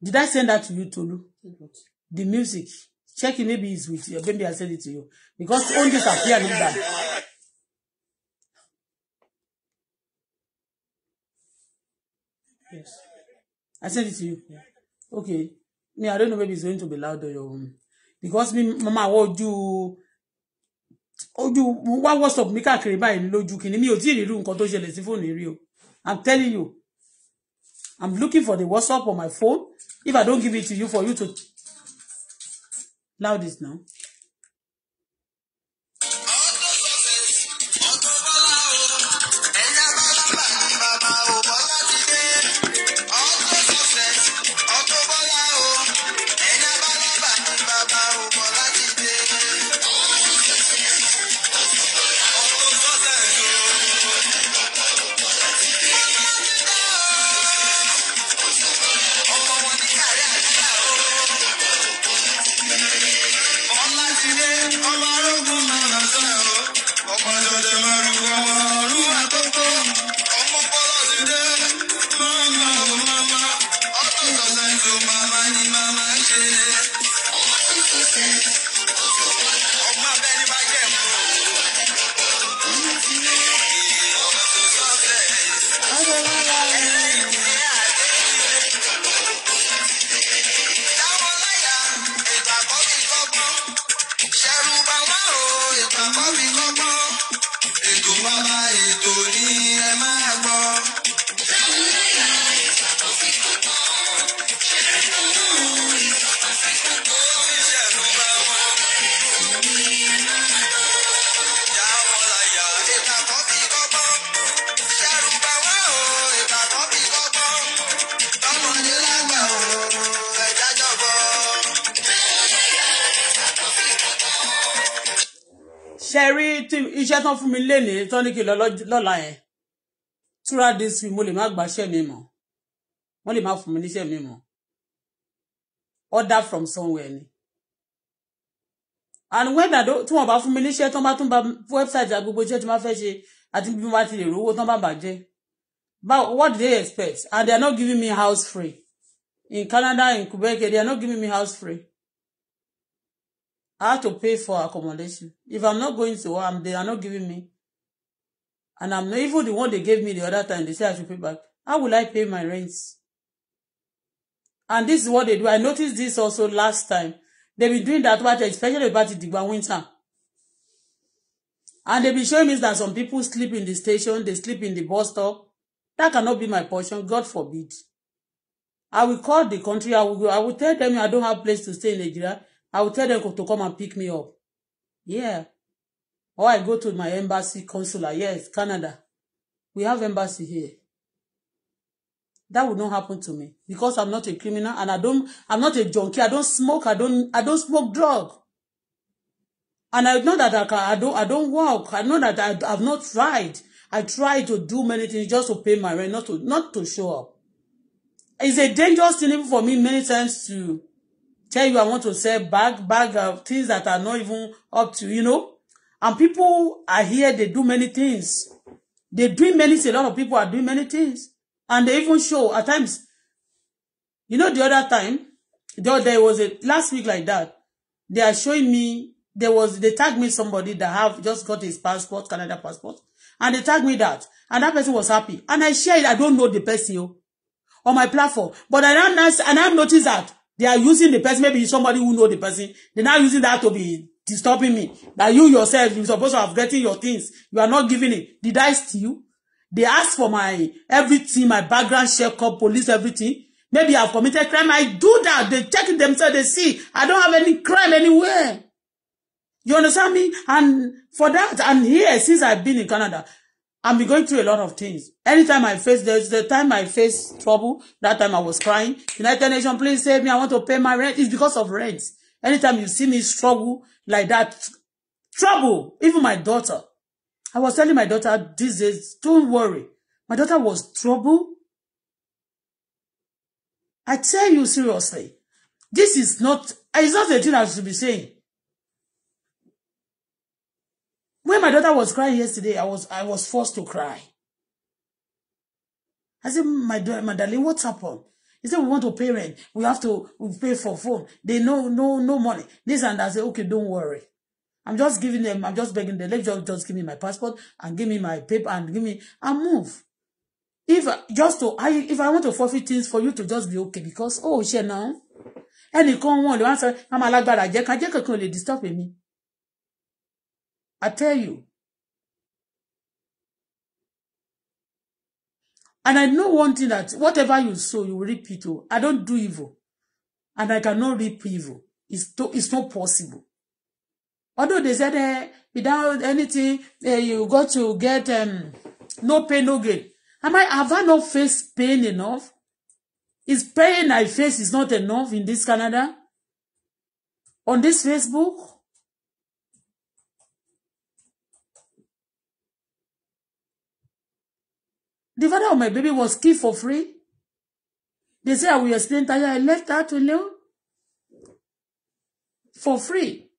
S2: did I send that to you Tolu the music check it maybe it's with you maybe I send it to you because all this appear no bad. Yes. I sent it to you. Yeah. Okay me i don't know maybe it's going to be loud on your own because me mama àwọn ojú ojú wá whatsapp mi káàkiri báyìí lójú kìíní mi ò tí ì rírú nǹkan tó ṣẹlẹ̀ sí fóònù rí o i'm telling you i'm looking for the whatsapp on my phone if i don't give it to you for you to loud it now. ṣe rí iṣẹ́ tán fún mi lénìí tán ní kí lọ lọ́la yẹn túra dis week mo lè má gbàṣẹ́ mi mọ́ wọ́n lè má fún mi níṣẹ́ mi mọ́ order from somewhere ni and when I tí wọ́n bá fún mi níṣẹ́ tán bá tún ba website àti gbogbo iṣẹ́ tí wọ́n fẹ́ ṣe àti bí wọ́n bá ti lè rówó tán bá bàjẹ́ but what do they expect and they are not giving me house free in Canada in Quebec they are not giving me house free I have to pay for accommodation. If I'm not going to work, they are not giving me. And I'm not even the one they gave me the other time. They say I should pay back. How will I pay my rents? And this is what they do. I noticed this also last time. They've been doing that about especially about the winter. And they've been showing me that some people sleep in the station, they sleep in the bus stop. That cannot be my portion. God forbid. I will call the country. I will go. I will tell them I don't have place to stay in Nigeria. I will tell them to come and pick me up. Yeah. Or I go to my embassy consular. Yes, Canada. We have embassy here. That would not happen to me because I'm not a criminal and I don't I'm not a junkie. I don't smoke. I don't I don't smoke drug. And I know that I, can, I don't I don't work. I know that I, I've not tried. I try to do many things just to pay my rent, not to not to show up. It's a dangerous thing even for me many times to tell you I want to sell bag, bag of things that are not even up to, you know. And people are here, they do many things. They do many things. A lot of people are doing many things. And they even show at times. You know, the other time, the there was a last week like that. They are showing me there was they tagged me somebody that have just got his passport, Canada passport, and they tagged me that, and that person was happy, and I shared. I don't know the person oh, on my platform, but I now and I noticed that They are using the person. Maybe somebody who know the person. They're now using that to be disturbing me. That you yourself, you're supposed to have getting your things. You are not giving it. Did I steal? They ask for my everything, my background check up, police, everything. Maybe I've committed crime. I do that. They check it themselves. They see I don't have any crime anywhere. You understand me? And for that, and here, since I've been in Canada, I'm be going through a lot of things. Anytime I face, there's the time I face trouble. That time I was crying. United Nations, please save me. I want to pay my rent. It's because of rent. Anytime you see me struggle like that, trouble, even my daughter. I was telling my daughter "This is don't worry. My daughter was trouble. I tell you seriously, this is not, it's not the thing I should be saying. When my daughter was crying yesterday, I was I was forced to cry. I said, my daughter, my darling, what's happened? He said, we want to pay rent. We have to we pay for phone. They know no no money. This and I said, okay, don't worry. I'm just giving them, I'm just begging them, Let just, just give me my passport and give me my paper and give me and move. If just to I if I want to forfeit things for you to just be okay because oh she now. Ẹnìkan wọn lè wá sọ, "Mama alágbára jẹ́ ká jẹ́ kankan lè disturb me." I tell you. And I know one thing that whatever you sow, you reap it. Oh. I don't do evil. And I cannot reap evil. It's, to, it's not possible. Although they said, eh, without anything, eh, you got to get um, no pain, no gain. Am I, have I not faced pain enough? Is pain I face is not enough in this Canada? On this Facebook? The father of my baby was killed for free. They say I will explain that I left her to live for free.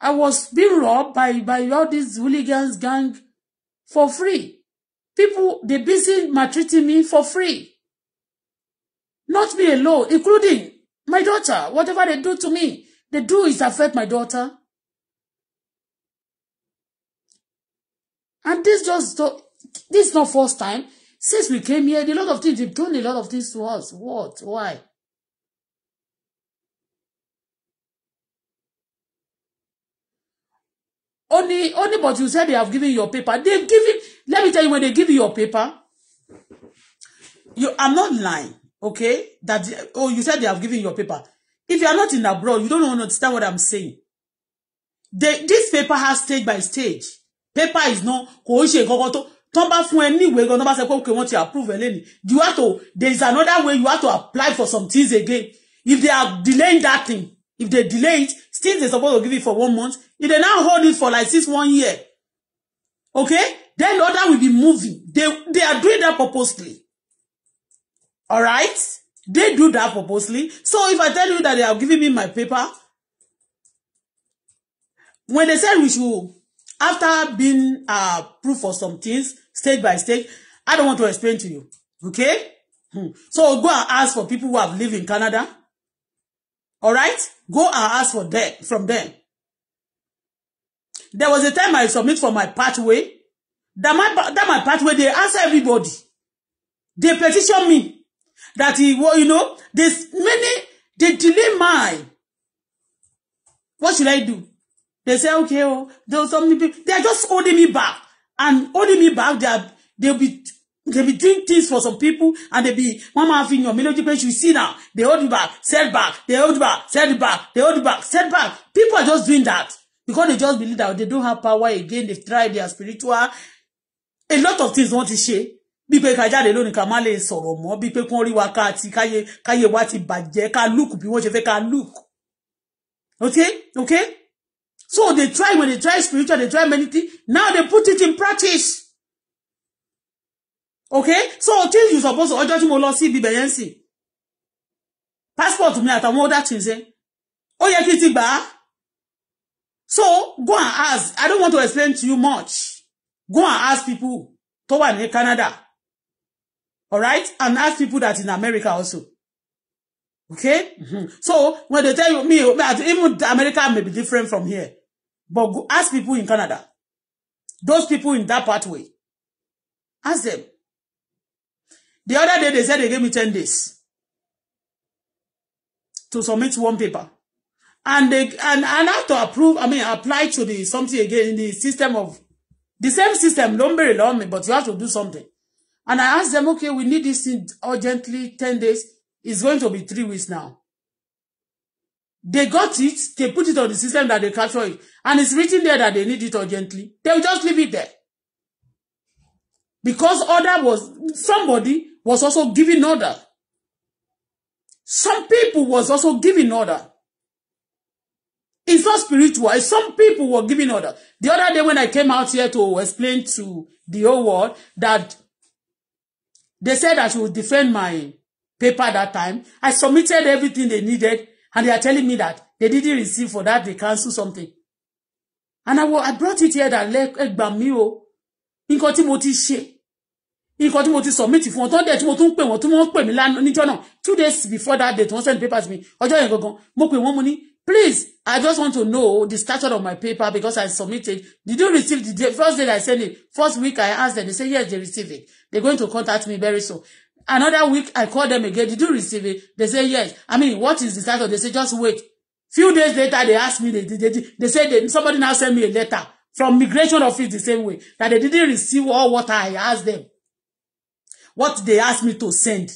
S2: I was being robbed by, by all these hooligans gang for free. People, they busy maltreating me for free. Not me alone, including my daughter. Whatever they do to me, they do is affect my daughter. And this just, this is not first time. Since we came here, the lot of things, they've done a lot of things to us. What? Why? Only, only, but you said they have given your paper. They've given, let me tell you, when they give you your paper, you, I'm not lying, okay? That, oh, you said they have given your paper. If you are not in abroad, you don't understand what I'm saying. They, this paper has stage by stage. Paper is not, tán bá fún ẹ ní gan tán bá sọ pé okay wọ́n ti approve ẹ lẹ́nu you have to there is another way you have to apply for some things again if they are delaying that thing if they delay it still they suppose to give it for one month if they now hold it for like six one year okay then the order will be moving they they are doing that purposely all right they do that purposely so if I tell you that they are giving me my paper when they say we should after being uh, proof for some things, stage by stage, I don't want to explain to you. Okay? Hmm. So go and ask for people who have lived in Canada. All right? Go and ask for them from them. There was a time I submit for my pathway. That my that my pathway they answer everybody. They petition me that he well, you know there's many they delay my. What should I do? They say, okay, oh, there's some people, They are just holding me back. And holding me back, they are, they'll be, they'll be doing things for some people, and they'll be, Mama, in your military page, you see now, they hold you back, set back, they hold you back, set back, they hold you back, set back. People are just doing that because they just believe that they don't have power again, they've tried their spiritual. A lot of things wọ́n ti ṣe. Bí pé ká jáde lónìí ká má lè sọ̀rọ̀ mọ́, bí pé kọ́n rí wa ká ti look bí wọ́n ṣe fẹ́ look. Okay? Okay? So they try, when they try spiritual, they try many things. Now they put it in practice. Okay? So things you supposed to, ọjọ́ tí mo lọ sí ibi bẹ̀yẹn Passport to me other things, eh? Ó yẹ kí ti gbà á. So go and ask. I don't want to explain to you much. Go and ask people To one in Canada. All right? And ask people that in America also. Okay? Mm-hmm. So when they tell you me, even America may be different from here. But go ask people in Canada, those people in that pathway, ask them. The other day, they said they gave me 10 days to submit one paper. And they and, and have to approve, I mean, apply to the something again in the system of the same system, don't bury on me, but you have to do something. And I asked them, okay, we need this urgently 10 days. It's going to be three weeks now. They got it, they put it on the system that they capture it, and it's written there that they need it urgently. They will just leave it there. Because order was, somebody was also giving order. Some people was also giving order. It's not spiritual. Some people were giving order. The other day when I came out here to explain to the whole world that they said I should defend my paper that time, I submitted everything they needed And they are telling me that they didn't receive for that, they cancel something. And I, I brought it here that ẹ gbà mí o. Nǹkan tí mo ti ṣe. Nǹkan tí mo ti submit fún wọn. want to tí mo want to wọ́n, tí wọ́n pè mí lánàá Two days before that date, wọ́n send papers to me. Ọjọ́ yẹn gangan. Mo pè wọ́n mo please, I just want to know the status of my paper because I submitted. Did you receive the day, first day I sent it? First week I asked them. They say, yes, they received it. They're going to contact me very soon another week I call them again did you receive it they say yes I mean what is the title they say just wait few days later they ask me they they, they, they say they, somebody now send me a letter from migration office the same way that they didn't receive all what I asked them what they asked me to send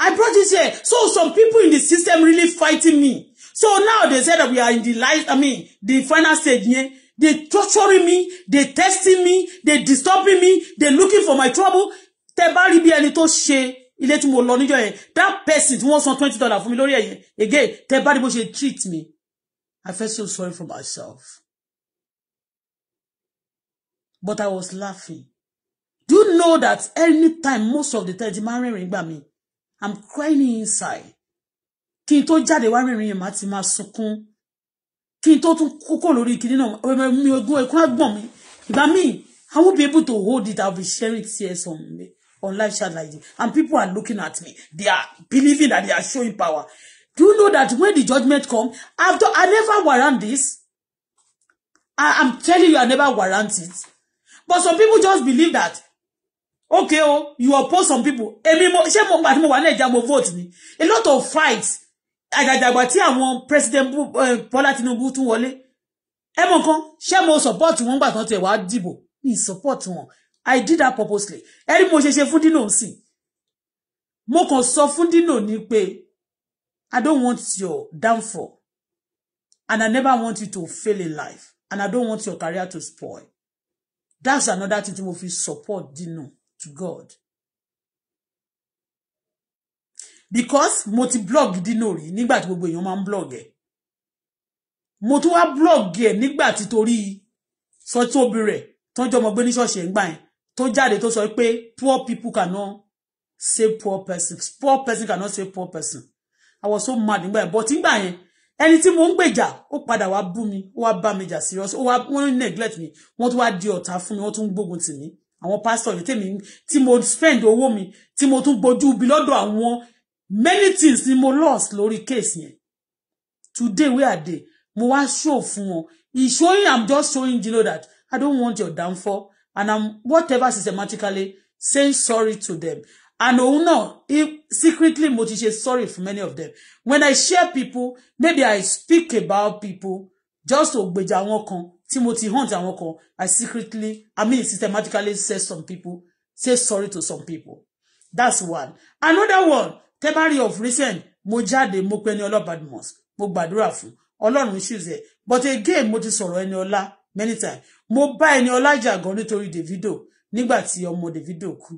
S2: I brought this here so some people in the system really fighting me so now they said that we are in the life I mean the final stage yeah they torturing me they testing me they disturbing me they looking for my trouble tẹ́ bá rí bí ẹni tó ṣe ilé tí mo lọ níjọ́ yẹn that person tí wọ́n san twenty dollar fún mi lórí ẹ̀yẹn again tẹ́ bá rí bó ṣe treat me I felt so sorry for myself but I was laughing do you know that anytime most of the time the man ń rìnrìn gbà I'm crying inside kí n tó jáde wá ma yẹn má ti máa sunkún kí n tó tún kókó lórí kìnní náà mi ogún ẹkún àgbọ̀n mi ìgbà míì I won't be able to hold it I'll be sharing tears on me on live chat like this and people are looking at me they are believing that they are showing power do you know that when the judgment come after I never warrant this I am telling you I never warrant it but some people just believe that okay oh you oppose some people èmi mo ṣé mo gbà tí mo wà ní ẹja mo vote ni a lot of fights àjàjàgbà tí àwọn president Bọ́lá eh, Tinubu tún wọlé ẹ mọ kan ṣé mo support wọn gbà kan tiẹ̀ wá dìbò mi support wọn I did that purposely ẹ̀rí mo ṣe ṣe fún Dino ń sìn mo kàn sọ fún Dino ní pé I don't want your downfall and I never want you to fail in life and I don't want your career to spoil that's another thing tí mo fi support Dino to God because mo ti blog Dino rí nígbà tí gbogbo èèyàn máa ń blog ẹ̀ mo tún wá blog ẹ̀ nígbà tí torí sọtóbi rẹ̀ tọ́jọ́ ọmọ gbé ní ṣọ́ọ̀ṣì ẹ̀ ń gbà yẹn tó jáde tó sọ pé poor people cannot save poor person poor person cannot save poor person I was so mad nígbà yẹn but nígbà yẹn ẹni tí mo ń gbèjà ó padà wá bú mi ó wá bá mi jà serious ó wá wọ́n neglect mi wọ́n tún wá di ọ̀tá fún mi wọ́n tún gbógun tì mí àwọn pásítọ̀ yìí tèmi tí mo spend owó mi tí mo tún gbójú bi lọ́dọ̀ àwọn many things ni mo lost lórí case yẹn today wey i dey mo wá show fún wọn e showing i'm just showing you know that i don't want your downfall and I'm whatever systematically saying sorry to them. And òun náà, if secretly mo ti sorry for many of them. When I share people, maybe I speak about people just to gbèjà àwọn kan tí hunt àwọn kan. I secretly, I mean systematically say some people, say sorry to some people. That's one. Another one, temporary of recent, mo jáde mo pe Eniola Badmus, mo But again, mo ti sọ̀rọ̀ many times mo bá ẹni ọlájà gan nítorí Davido nígbà tí ọmọ Davido kú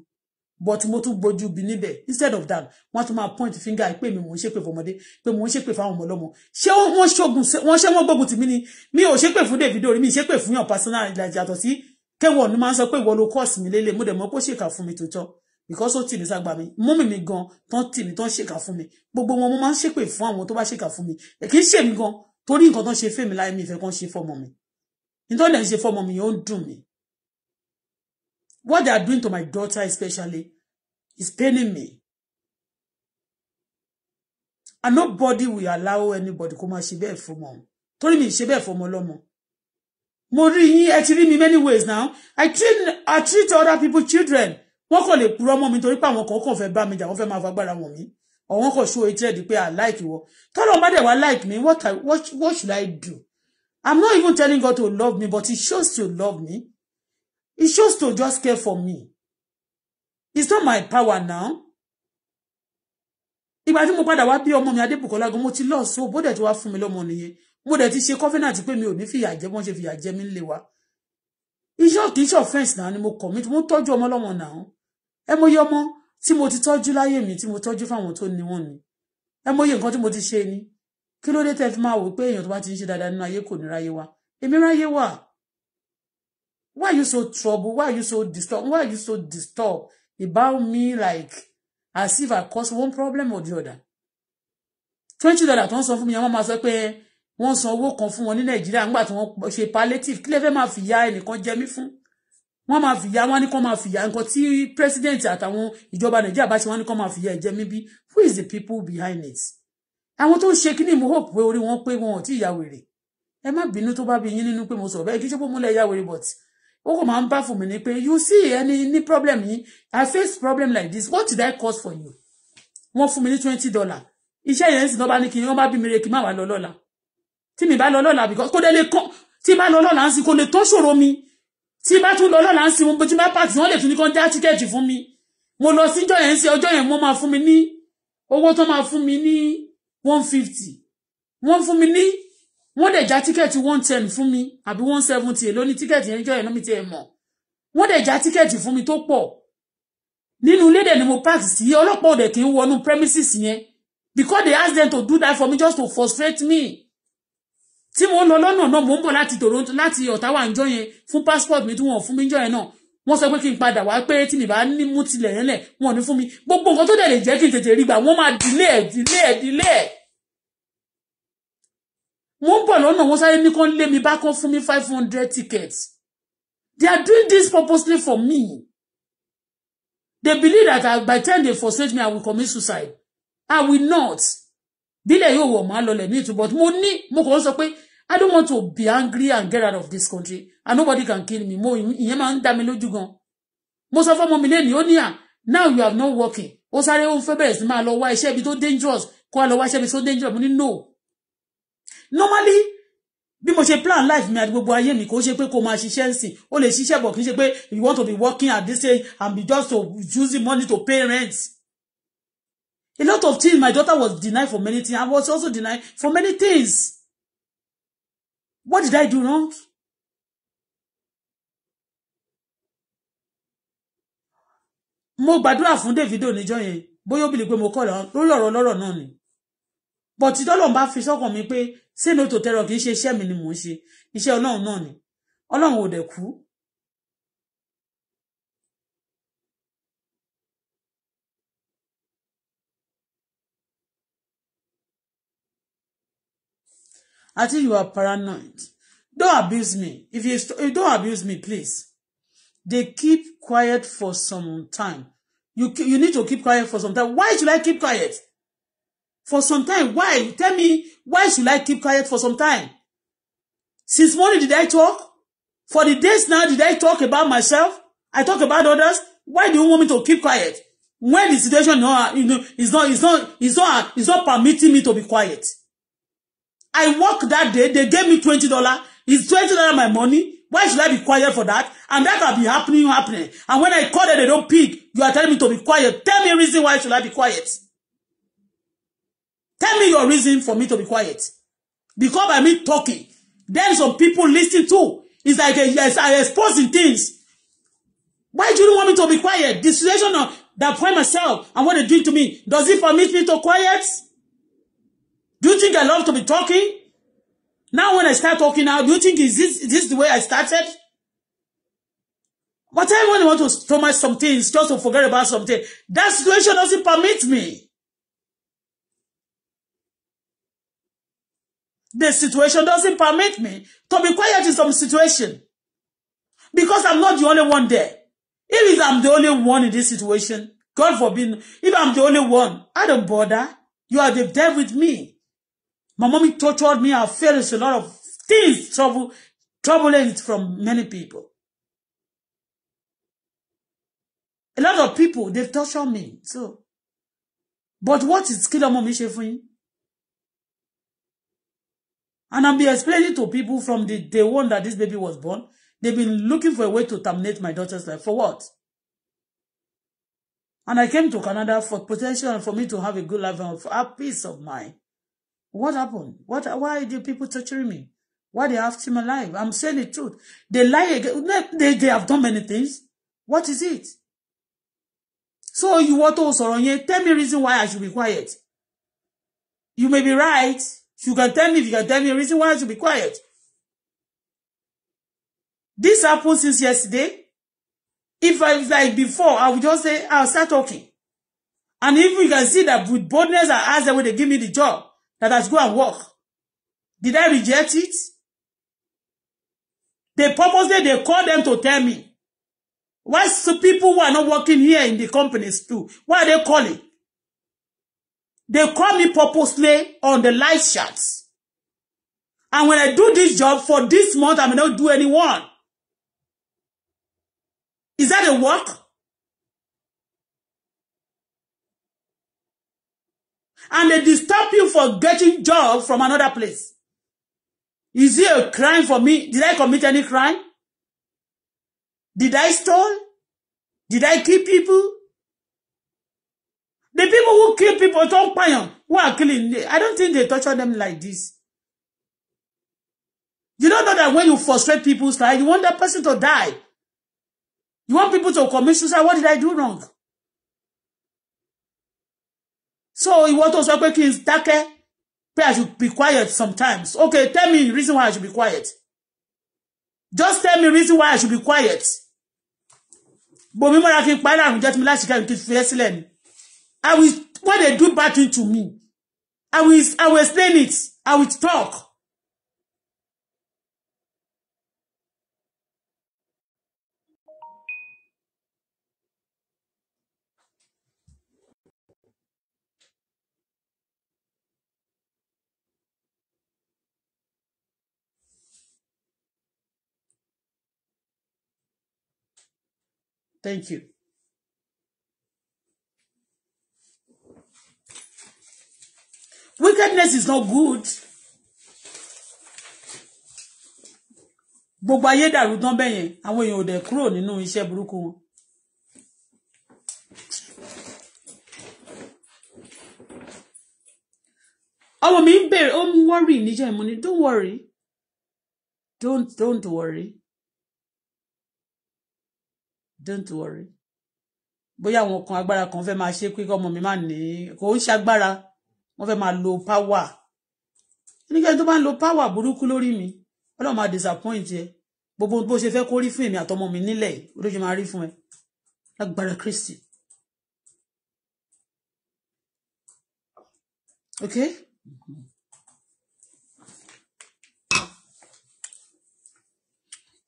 S2: but mo tún gbójú bi níbẹ̀ instead of that wọ́n tún máa point finger pé mi mò ń ṣépè fọmọdé pé mò ń ṣépè fáwọn ọmọ ọlọ́mọ ṣé wọ́n ṣogun wọ́n ṣé wọ́n gbógun tì mí ni mi ò ṣépè fún Davido rí mi ṣépè fún yàn personal yàtọ̀ sí kẹwọ́n ni máa ń sọ pé ìwọ ló course mi lélẹ̀ mo dẹ̀ mọ́ pé ó ṣèkà fún mi tó because ó tì mí ságbà mi mọ́mì mi gan tán tì mí tán ṣèkà fún mi gbogbo wọn mo máa ń ṣépè fún àwọn tó bá ṣèkà fún mi kì í ṣèmi gan torí nǹkan tán ṣe fèmí láì mi ìfẹ́ kan ṣe fọmọ mi nítorí ẹ̀ ń say for mi you don't do me. what they are doing to my daughter especially is paining me and nobody will allow anybody kó máa ṣe bẹ́ẹ̀ fọmọ torí mi ṣe bẹ́ẹ̀ fọmọ lọ́mọ mo rí yín he ti rí mi many ways now I treat I treat other people children What kò lè poor mọ́ into torí pé àwọn kan kàn fẹ́ bá mi jà wọ́n fẹ́ máa fagbára wọn mi ọ̀wọ́n kò ṣó etí ẹ̀ di pé I like wọ tọ́lọ́ bá dẹ̀ like me what, I, what, what should I do? I'm not even telling God to love me, but He shows to love me. He shows to just care for me. It's not my power now. Ìgbà tí mo padà wá bí ọmọ mi Adébùkọ́lá gan mo ti lọ so bó dẹ̀ ti wá fún mi lọ́mọ nìyẹn. Mo dẹ̀ ti ṣe covenant pé mi ò ní fìyà jẹ wọ́n ṣe fìyà jẹ mí ńlé wa. Iṣọ́ kì í ṣe offence náà ni mo commit mo tọ́jú ọmọ lọ́mọ náà. Ẹ mo yẹ ọmọ tí mo ti tọ́jú láyé mi tí mo tọ́jú fáwọn tó ní wọ́n ni. Ẹ mo yẹ nǹkan tí mo ti ṣe ni kí ló dé tẹ́ fi máa wò pé èèyàn tó bá ti ń ṣe dáadáa nínú ayé kò ní ráyé wá èmi ráyé wà why are you so trouble why are you so disturb why are you so disturb about me like as if I cause one problem or the other twenty dollar tó ń san fún mi àwọn máa sọ pé wọ́n san owó kan fún wọn ní nàìjíríà nígbà tí wọ́n ṣe palliative kí lè fẹ́ máa fìyà ẹnìkan jẹ mí fún wọ́n máa fìyà wọ́n ní kán máa fìyà nǹkan tí president àtàwọn ìjọba nàìjíríà bá ṣe wọ́n ní kán máa fìyà ẹ̀jẹ̀ mi bí who is the people behind it àwọn tó ń ṣe kíní mo hope pé orí wọn pé wọn ò tí ì ya wèrè ẹ má bínú tó bá bí yín nínú pé mo sọ̀rọ̀ bẹ́ẹ̀ kí ṣe pé mo wèrè but ó kò máa ń bá fún mi ní pé you see ẹni ní problem yìí I face problem like this what did I cause for you wọ́n fún mi ní twenty dollar iṣẹ́ yẹn sì náà bá ní kí wọ́n bá bí mi re kí n má wà lọ lọ́la tí mi bá lọ lọ́la because kó dé lè kọ́ tí bá lọ lọ́la ń sin kó lè tó ṣòro mi tí bá tún lọ lọ́la ń sin mo tí bá pàtì wọ́n lè tún ní kán dá tíkẹ́ẹ̀tì fún mi mo lọ síjọ́ yẹn sí ọjọ́ yẹn mo máa fún mi ní owó tó máa fún mi ní one fifty wọ́n fún mi ní wọ́n dẹ̀ já tíkẹ́ẹ̀tì one ten fún mi àbí one seventy èló ní tíkẹ́ẹ̀tì yẹn jọ ẹ̀nà mi ti ẹ̀ mọ̀ wọ́n dẹ̀ já tíkẹ́ẹ̀tì fún mi tó pọ̀ nínú ilé dẹ̀ ni mo park sí ọlọ́pàá òdẹ̀ kì í wọnú premises yẹn because they ask them to do that for me just to frustrate me tí mo ń lọ lọ́nà náà mo ń bọ̀ láti Toronto láti Ottawa ń jọ yẹn fún passport mi tí wọ́n fún mi ń jọ yẹn náà wọ́n sọ pé kí n padà wá pé tí mi bá ní mú tilẹ̀ yẹn lẹ̀ wọ́n ní fún mi gbogbo nǹkan tó dẹ̀ lè jẹ́ kí n tètè rí gbà wọ́n máa dìlé ẹ̀ dìlé ẹ̀ dìlé ẹ̀ wọ́n bọ̀ lọ́nà wọ́n sáré ní kán lé mi bá kán fún mi five hundred tickets they are doing this purposely for me they believe that I, by the time they forsake me I will commit suicide I will not bílẹ̀ yóò wọ̀ máa lọlẹ̀ ní ìtú but mo ní mo kàn sọ pé I don't want to be angry and get out of this country and nobody can kill me mo ìyẹn máa ń dá mi lójú gan mo sọ fọmọ mi lẹ́nu ó ní ah, now you have no working O sare ó ń fẹ́ bẹ̀rẹ̀ sí máa lọ wá iṣẹ́ ibi dangerous kó a lọ wá iṣẹ́ ibi dangerous mo ní no normally bí mo ṣe plan life mi àti gbogbo ayé mi kò ṣe pé kó máa ṣiṣẹ́ ń sìn ó lè ṣiṣẹ́ bọ̀ kì í you want to be working at this age and be just to using money to pay rent a lot of things my daughter was denied for many things I was also denied for many things what did I do wrong? mo gbàdúrà fún Davido níjọ́ yẹn bóyá ó pé mo kọ̀ lórí ọ̀rọ̀ lọ́rọ̀ náà ni but tọ́lọ́run bá fi sọ́kàn mi pé say no to terror kì í ṣe iṣẹ́ mi ni mò ń ṣe iṣẹ́ ọlọ́run náà ni ọlọ́run ò dẹ̀ kú I think you are paranoid. Don't abuse me. If you, if you don't abuse me, please they keep quiet for some time you you need to keep quiet for some time why should I keep quiet for some time why tell me why should I keep quiet for some time since morning did I talk for the days now did I talk about myself I talk about others why do you want me to keep quiet when the situation you know is not is not is not is not permitting me to be quiet I work that day they gave me twenty dollar is twenty dollar my money Why should I be quiet for that? And that can be happening, happening. And when I call them, they don't pick. You are telling me to be quiet. Tell me a reason why should I be quiet. Tell me your reason for me to be quiet. Because by me talking, then some people listen too. It's like, a, yes, I'm exposing things. Why do you want me to be quiet? The situation of that point myself and what they're doing to me, does it permit me to quiet? Do you think I love to be talking? Now when I start talking now, do you think is this, is this the way I started? But everyone want to stomach some things just to forget about something. That situation doesn't permit me. The situation doesn't permit me to be quiet in some situation. Because I'm not the only one there. If I'm the only one in this situation, God forbid, if I'm the only one, I don't bother. You are the devil with me. My mommy tortured me. I faced a lot of things, trouble, turbulence from many people. A lot of people, they've tortured me. So, but what is kí lọmọ mi ṣe And I'll be explaining to people from the day one that this baby was born, they've been looking for a way to terminate my daughter's life. For what? And I came to Canada for potential and for me to have a good life and for a peace of mind. What happened? What? Why do people torturing me? Why they have him alive? I'm saying the truth. They lie again. They, they have done many things. What is it? So you want to sọ̀rọ̀ yẹn? Tell me reason why I should be quiet. You may be right. You can tell me if you can tell me reason why I should be quiet. This happened since yesterday. If I was like before, I would just say, I'll start talking. And if you can see that with boldness, I ask them when they give me the job that has go and work. Did I reject it? They purposely, they call them to tell me. Why so people who are not working here in the companies too? Why are they calling? They call me purposely on the live chats. And when I do this job for this month, I may not do anyone. Is that a work? and they disturb you for getting job from another place. Is it a crime for me? Did I commit any crime? Did I steal? Did I kill people? The people who kill people don't pay them. who are killing. I don't think they torture them like this. You don't know that when you frustrate people's life, you want that person to die. You want people to commit suicide. What did I do wrong? so ìwọ tó sọ pé kí n dákẹ́ pé I should be quiet sometimes okay tell me the reason why I should be quiet just tell me the reason why I should be quiet bomi mọ́ra kí n parí àrùn jẹ́ tí mi láti kẹ́rin kí n fi ẹ́ sílẹ̀ ni I will when they do bad thing to me I will I will explain it I will talk. Thank you. Wickedness is not good. Gbogbo ayé dàrú tán bẹ́yẹn, àwọn èèyàn ò dẹ̀ kúrò nínú iṣẹ́ burúkú wọn. ọmọ mi ń bèrè ó ń worry níjà ìmúni don't worry don't don't worry don't worry bóyá àwọn kan agbára kan fẹ́ máa ṣe pé kọ́mọ mi máa ní kò ń ṣagbára wọ́n fẹ́ máa lo power oníkẹ́ni tó bá ń lo power burúkú lórí mi ọlọ́run máa disappoint ẹ gbogbo bó ṣe fẹ́ kó rí fún èmi àtọmọ mi nílẹ̀ olóṣù máa rí fún ẹ lágbára Kristi ok.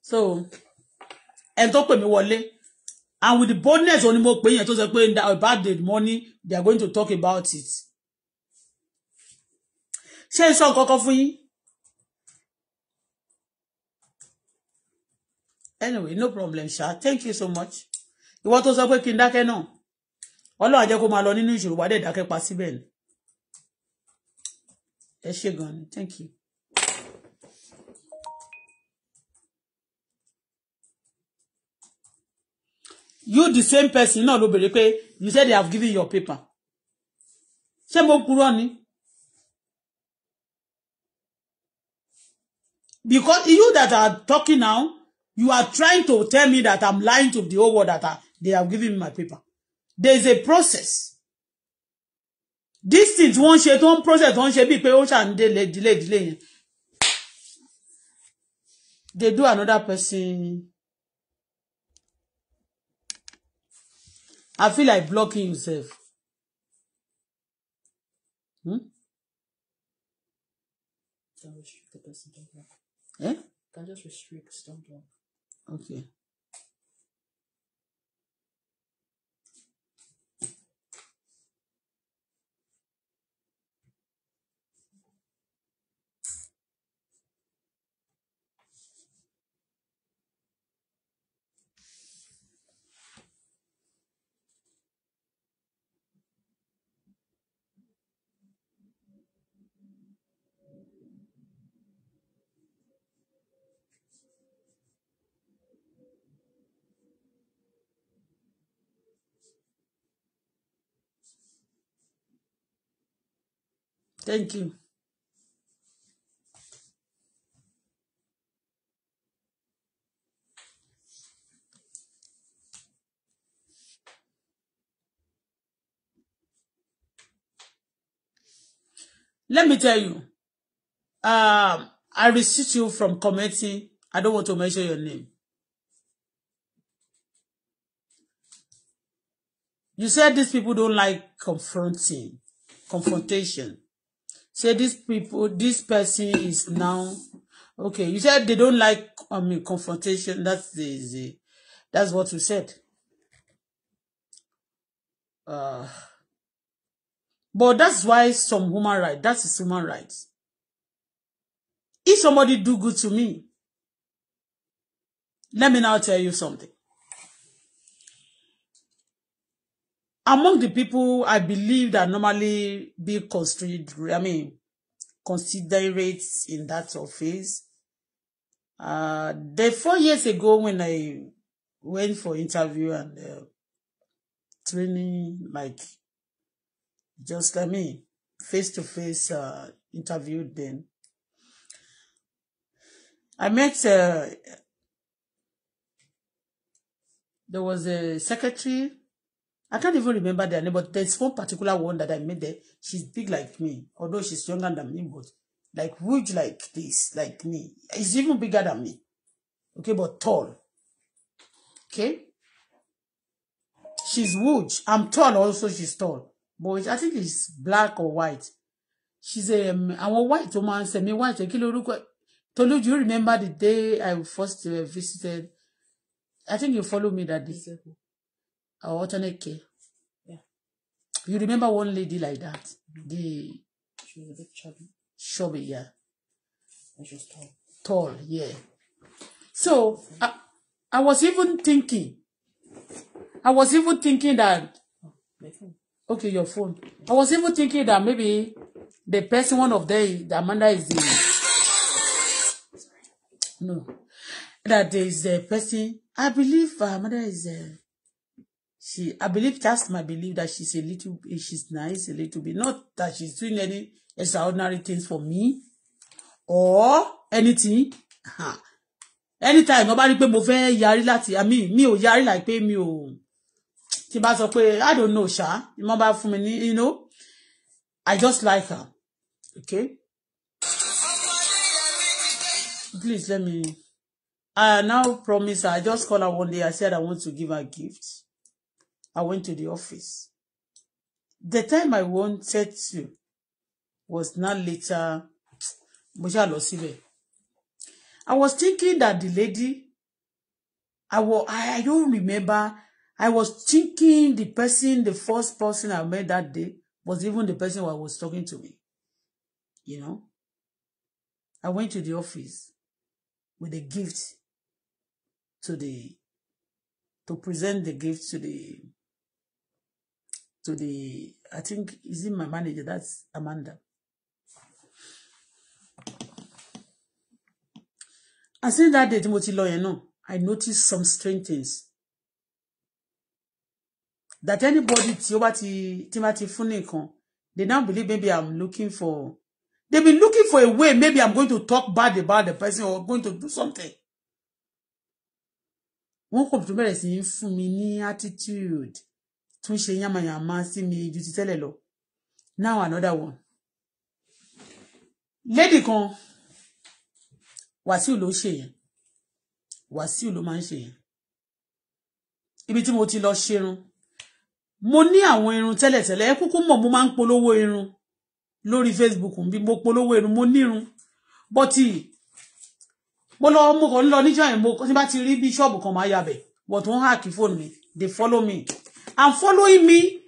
S2: so ẹni tó pè mí wọlé and with the boldness òní mo pè yẹn tó sọ pé about the money they are going to talk about it. ṣé n sọ nǹkan kan fún yín. anyway no problem sha thank you so much ìwọ tó sọ pé kí n dákẹ́ náà ọlọ́run àjẹ́ kó máa lọ nínú ìṣòro wà dẹ̀ dákẹ́ pa síbẹ̀ ni ẹ ṣé gan ni thank you. you the same person náà ló béèrè pé you said they have given your paper ṣé mo kúrò ni because you that are talking now you are trying to tell me that I'm lying to the whole world that I, they have given me my paper there is a process this thing tí wọ́n ṣe tó ń process tó ń ṣe bíi pé ó ṣàn délé délé délé yẹn they do another person. I feel like blocking yourself. Hmm?
S1: Can restrict the person, don't block. Eh? Can just restrict, don't block.
S2: Okay. Thank you. Let me tell you, um, I resist you from commenting. I don't want to mention your name. You said these people don't like confronting, confrontation say this people this person is now okay you said they don't like i um, mean confrontation that's the, the that's what you said uh but that's why some human rights. that is human rights if somebody do good to me let me now tell you something among the people I believe that normally be considered, I mean, considerate in that office. Uh, the four years ago when I went for interview and uh, training, like just I mean, face to face uh, interview. Then I met. Uh, there was a secretary I can't even remember their name, but there's one particular one that I met there. She's big like me, although she's younger than me, but like huge like this, like me. She's even bigger than me. Okay, but tall. Okay? She's huge. I'm tall also, she's tall. But I think she's black or white. She's a, um, àwọn white woman, semi white, kí lorúkọ. Tolu, do you remember the day I first uh, visited? I think you followed me that day. Exactly or alternate care. Yeah. You remember one lady like that? Mm-hmm. The she was a bit chubby. Chubby, yeah. And she was tall. Tall, yeah. So I, I was even thinking. I was even thinking that. Oh, okay, your phone. I was even thinking that maybe the person one of them, the Amanda is the. No, that there is a person. I believe Amanda is a she I believe that's my belief that she's a little she's nice a little bit not that she's doing any extraordinary things for me or anything huh. anytime nobody bá rí pé yari fẹ́ yarí láti Me mi yari like láì me. mi ò tí bá sọ I don't know ṣá mo bá fún mi ní you know I just like her okay please let me I now promise her I just call her one day I said I want to give her a gift. I went to the office. The time I wanted to was not later. Mo I was thinking that the lady, I, was, I, don't remember. I was thinking the person, the first person I met that day was even the person who was talking to me. You know? I went to the office with a gift to the, to present the gift to the to the I think is it my manager? That's Amanda. And since that day, Timothy lawyer, no, I noticed some strange things. That anybody tí ó bá ti they now believe maybe I'm looking for. They've been looking for a way. Maybe I'm going to talk bad about the person or going to do something. One kò tún bẹ̀rẹ̀ sí í attitude tún ṣe yánmayànmá sí mi ju ti tẹ́lẹ̀ lọ now another one lady kan wàsíù ló ṣe yẹn wàsíù ló máa ń ṣe yẹn ibi tí mo ti lọ ṣerun mo ní àwọn irun tẹ́lẹ̀tẹ́lẹ̀ ẹ kúkú mọ̀ mo máa ń polówó irun lórí Facebook bí mo polówó irun mo nírun bọ́tì mo lọ mo kàn ń lọ níjọ́ yẹn mo tí bá ti rí bí ṣọ́ọ̀bù kan máa yabẹ̀ but wọ́n hàkí fóònù mi they follow me and following me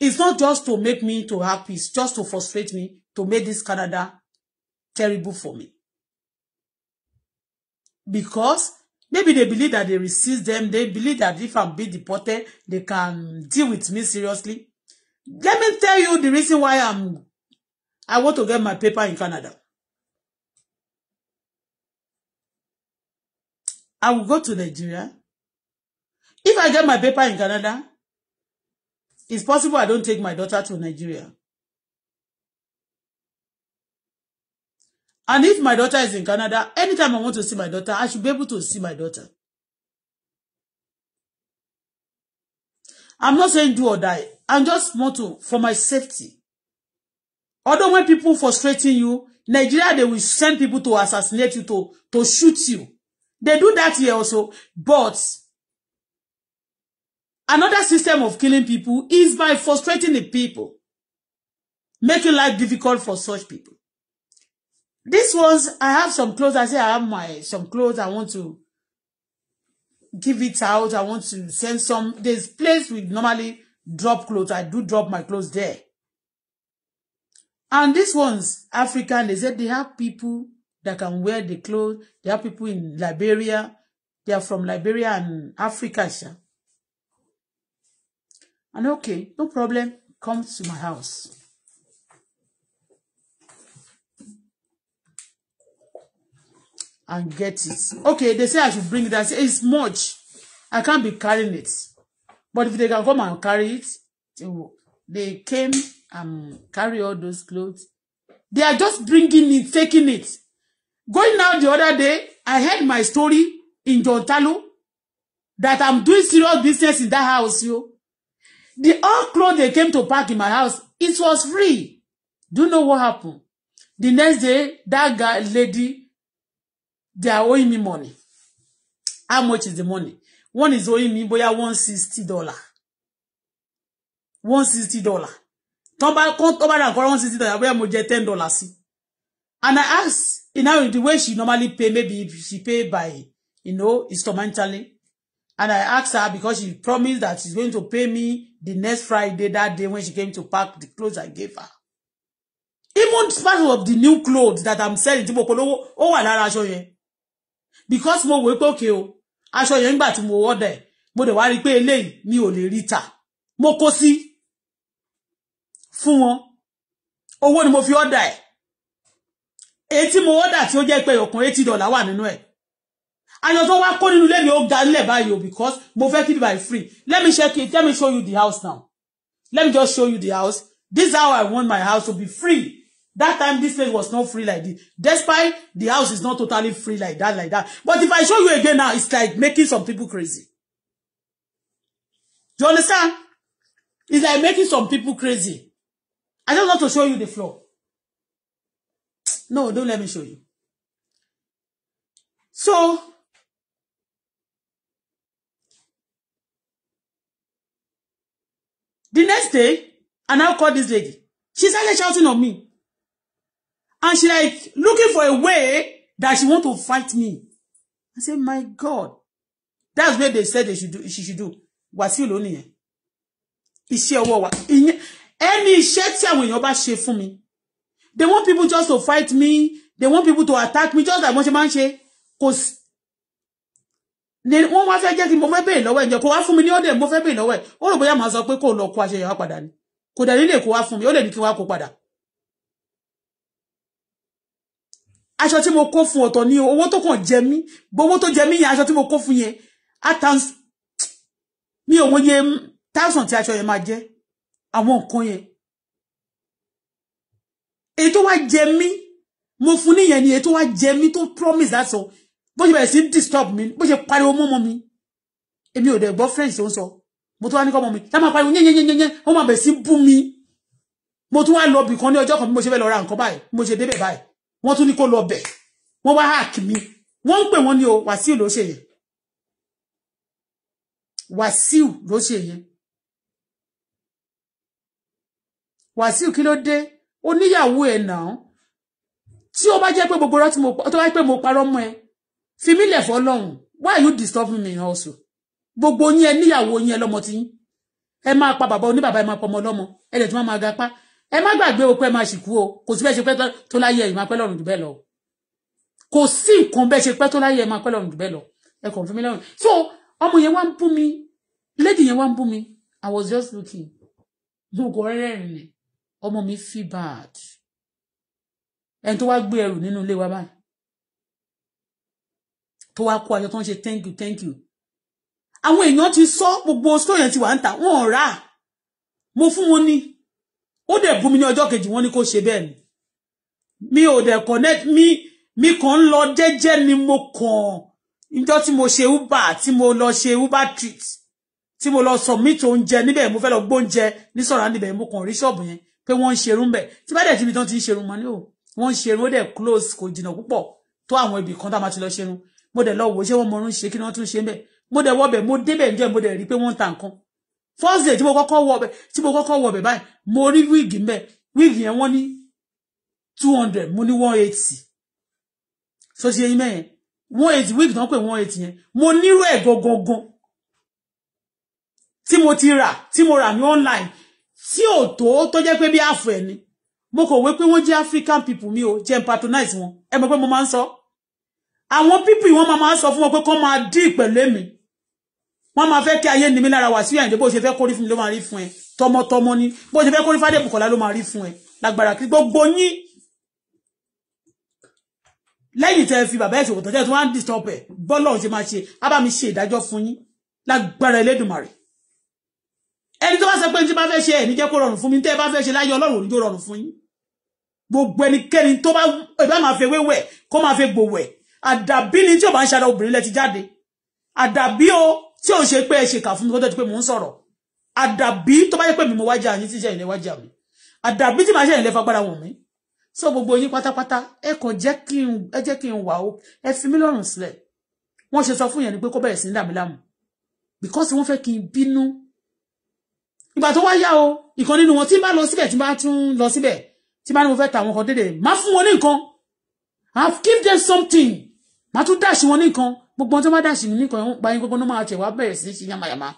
S2: is not just to make me to have peace just to frustrate me to make this Canada terrible for me because maybe they believe that they resist them they believe that if I'm being deported they can deal with me seriously let me tell you the reason why I'm I want to get my paper in Canada I will go to Nigeria if I get my paper in Canada It's possible I don't take my daughter to Nigeria. And if my daughter is in Canada, anytime I want to see my daughter, I should be able to see my daughter. I'm not saying do or die. I'm just want to, for my safety. Although when people frustrating you, Nigeria, they will send people to assassinate you, to, to shoot you. They do that here also. But Another system of killing people is by frustrating the people, making life difficult for such people. This ones, I have some clothes. I say I have my some clothes. I want to give it out. I want to send some. There's place we normally drop clothes. I do drop my clothes there. And this ones, African, they said they have people that can wear the clothes. They have people in Liberia. They are from Liberia and Africa. Sure. And okay, no problem. Come to my house. And get it. Okay, they say I should bring that. It's much. I can't be carrying it. But if they can come and carry it, they, will. they came and carry all those clothes. They are just bringing it, taking it. Going out the other day, I heard my story in Jontalu that I'm doing serious business in that house, you. The old clothes they came to pack in my house, it was free. Do you know what happened? The next day, that guy, lady, they are owing me money. How much is the money? One is owing me bóyá one sixty dollar. One sixty dollar. Tó bá tó bá ra one sixty dollar bóyá mo jẹ ten dollar And I asked, you know, the way she normally pay, maybe if she pay by, you know, instrumentally. And I asked her because she promised that she's going to pay me the next Friday that day when she came to pack the clothes I gave her. Even part of the new clothes that I'm selling, tí mo polówó, ó wà lára aṣọ Because mo wò pé òkè o, aṣọ yẹn nígbà tí mo wọ́dẹ̀, mo dẹ̀ wá rí pé eléyìí mi ò lè rí tà. Mo kó sí fún wọn. Owó ni mo fi ọ̀dà ẹ̀. Èyí tí mo ọ̀dà tí ó jẹ́ pé ọ̀kan eighty dollar wà nínú ẹ̀ àyàn tó wá kó nínú ilé mi ó ga nílẹ̀ báyìí o because mo fẹ́ keep by free let me check it let me show you the house now let me just show you the house this is how I want my house to be free that time this place was not free like this despite the house is not totally free like that like that but if I show you again now it's like making some people crazy do you understand it's like making some people crazy I just want to show you the floor no don't let me show you so The next day, I now called this lady. She started shouting on me. And she like looking for a way that she want to fight me. I said, my God. That's what they said they should do, she should do. Wàsíù ló lonely. Is she a war? Any iṣẹ́ when àwọn èèyàn bá for me. They want people just to fight me. They want people to attack me just like wọ́n ṣe máa ń ṣe ni wọ́n wá fẹ́ jẹ́ kí mo fẹ́ bèèrè lọ́wọ́ ẹ̀jọ̀ kó wá fún mi ní ọ̀dẹ̀ mo fẹ́ bèèrè lọ́wọ́ ẹ̀ ó rò bóyá màá sọ pé kó lọ kó aṣọ ìyàwó padà ni kò dẹ̀ nílé kó wá fún mi ó lè ní kí wá kó padà. aṣọ tí mo kó fún ọ̀tọ̀ ni owó tó kàn jẹ mí gbowó tó jẹ mí yẹn aṣọ tí mo kó fún yẹn atans mi ò wọnyẹ táùsàn tí aṣọ yẹn máa jẹ àwọn nǹkan yẹn èyí tó wá jẹ mí mo fún níyẹn ni èyí tó wá jẹ mí tó promise láti sọ bó ṣe bẹ̀rẹ̀ sí disturb mi bó ṣe pariwo mọ́mọ́ mi èmi ò dẹ̀ gbọ́ french tó ń sọ mo tún wá ní kọ́ mọ́ mi tá máa pariwo yẹ́nyẹ́nyẹ́nyẹ́ wọ́n máa bẹ̀rẹ̀ sí bú mi mo tún wá lọ bì kan ní ọjọ́ kan bí mo ṣe fẹ́ lọ ra nǹkan báyìí mo ṣe débẹ̀ báyìí wọ́n tún ní kó lọ bẹ̀ wọ́n wá hack mi wọ́n ń pè wọ́n ní o wàsíù ló ṣe yẹn wàsíù ló ṣe yẹn wàsíù kí ló dé oníyàwó ẹ̀ náà tí ó bá jẹ́ pé gbogbo rọ́ tí mo tó bá jẹ́ pé mo parọ́ mọ́ ẹ fi for long. Why are you disturbing me also gbogbo yín ẹ níyàwó yín ẹ lọ́mọ tí yín ẹ máa pa bàbá oníbàbá ẹ máa pọmọ lọ́mọ ẹ dẹ̀ tí wọ́n máa ga pa ẹ má gbàgbé o pé ẹ máa ṣìkú o kò sí bẹ́ẹ̀ ṣe pẹ́ to láyé ẹ̀yìn máa pẹ́ lọ́run jù bẹ́ẹ̀ lọ kò sí nǹkan bẹ́ẹ̀ ṣe pẹ́ tó láyé ẹ̀ máa pẹ́ lọ́run jù bẹ́ẹ̀ lọ ẹ kàn fún mi so ọmọ yẹn wá ń bú mi lady yẹn wá ń mi I was just looking mo kò rẹ́rìn-ín ọmọ mi feel bad ẹni to wá gbé ẹrù nínú ilé wa báyìí tó wá kó ayọ̀ tó ń ṣe thank you thank you àwọn èèyàn ti sọ gbogbo story yẹn ti wà ń ta wọn ò rà mo fún wọn ní ó dẹ̀ bú mi ní ọjọ́ kejì wọn ní kó ṣe bẹ́ẹ̀ ni mi ò dẹ̀ connect mi mi kàn ń lọ jẹ́jẹ́ ni mo kàn níjọ́ tí mo ṣe uber tí mo lọ ṣe uber treat tí mo lọ submit oúnjẹ níbẹ̀ mo fẹ́ lọ gbóúnjẹ ní sọ̀rọ̀ níbẹ̀ mo kàn rí ṣọ́ọ̀bù yẹn pé wọ́n ń ṣerun bẹ̀ tí bá dẹ̀ tí ibi tán ti ń ṣerun mọ́ ni ó wọ́n ń ṣerun ó dẹ̀ close kò jìnnà púpọ̀ tó àwọn ibì kan tá a máa ti lọ ṣerun mo dẹ̀ lọ wò ṣé wọ́n mọ̀rún ṣe kí wọ́n tún ṣe bẹ́ẹ̀ mo dẹ̀ wọ́bẹ̀ mo débẹ̀ ǹjẹ́ mo dẹ̀ rí pé wọ́n ń ta nǹkan first tí mo kọ́kọ́ wọbẹ̀ tí mo kọ́kọ́ wọbẹ̀ báyìí mo rí wíìgì mbẹ̀ wíìgì yẹn wọ́n ní two hundred mo ní one eighty so ṣe yín mẹ́yẹn one eighty wíìgì tán pé one eighty yẹn mo nírú ẹ̀ gangan tí mo ti rà tí mo rà ní online tí ò tó tó jẹ́ pé bí àfọ̀ ẹ̀ ni mo kò wé pé wọ́n jẹ́ African people mi ò jẹ́ patronize wọn ẹ mọ̀ pé mo máa ń sọ. So àwọn pípì wọn máa máa sọ fún wọn pé kán máa dí pẹ̀lú èmi wọn máa fẹ́ kí ayé ni mí lára wà sí àyìnbó bó ṣe fẹ́ kórí fún mi ló máa rí fún ẹ tọmọtọmọ ni bó ṣe fẹ́ kórí fádé bùkọ́lá ló máa rí fún ẹ lágbára kí gbogbo yín lẹ́yìn tẹ́ fi bàbá ẹ̀ṣòwò tọ́jú ẹ̀ tó wá ń disturb ẹ̀ bọ́lọ̀ ṣe máa ṣe á bá mi ṣe ìdájọ́ fún yín lágbára Elédùmarè ẹni tó bá sọ pé ní tí bá fẹ́ ṣe ẹ̀ ní jẹ́ kó rọrùn fún mi tẹ́ ẹ bá fẹ́ ṣe láyé ọlọ́run ní tó rọrùn fún yín gbogbo ẹnikẹ́ni tó bá ẹ bá máa fi ewé wẹ̀ kó máa fi gbò wẹ̀ àdàbí ni tí ò bá ń ṣara obìnrin lẹ ti jáde àdàbí o tí ò ṣe pé ẹ ṣèkà fún mi kó tó ti pé mò ń sọ̀rọ̀ àdàbí tó bá yẹ pé mi mo wájà yín tí ìṣẹ̀yìn lẹ wájà mi àdàbí tí màá ṣẹ̀yìn lẹ fagbára wọ̀n mi so gbogbo yín pátápátá ẹ kàn jẹ́ kí n ẹ jẹ́ kí n wà ó ẹ fi mí lọ́rùn sílẹ̀ wọ́n ṣe sọ fún yẹn ni pé kó bẹ̀rẹ̀ sí ní dàmí láàmú because wọ́n fẹ́ kí n bínú ìgbà tó wá yá o ìkan nínú wọn tí bá lọ síbẹ̀ tí bá tún lọ síbẹ̀ tí bá ní mo fẹ́ ta àwọn kan dédé má fún wọn ní nǹkan I have given them something màá tún dáṣì wọn nìkan gbogbo tó má dáṣì ní nìkan ń pa yín gbogbo náà máa tẹ̀ bẹ̀rẹ̀ sí ṣe yàmàyàmà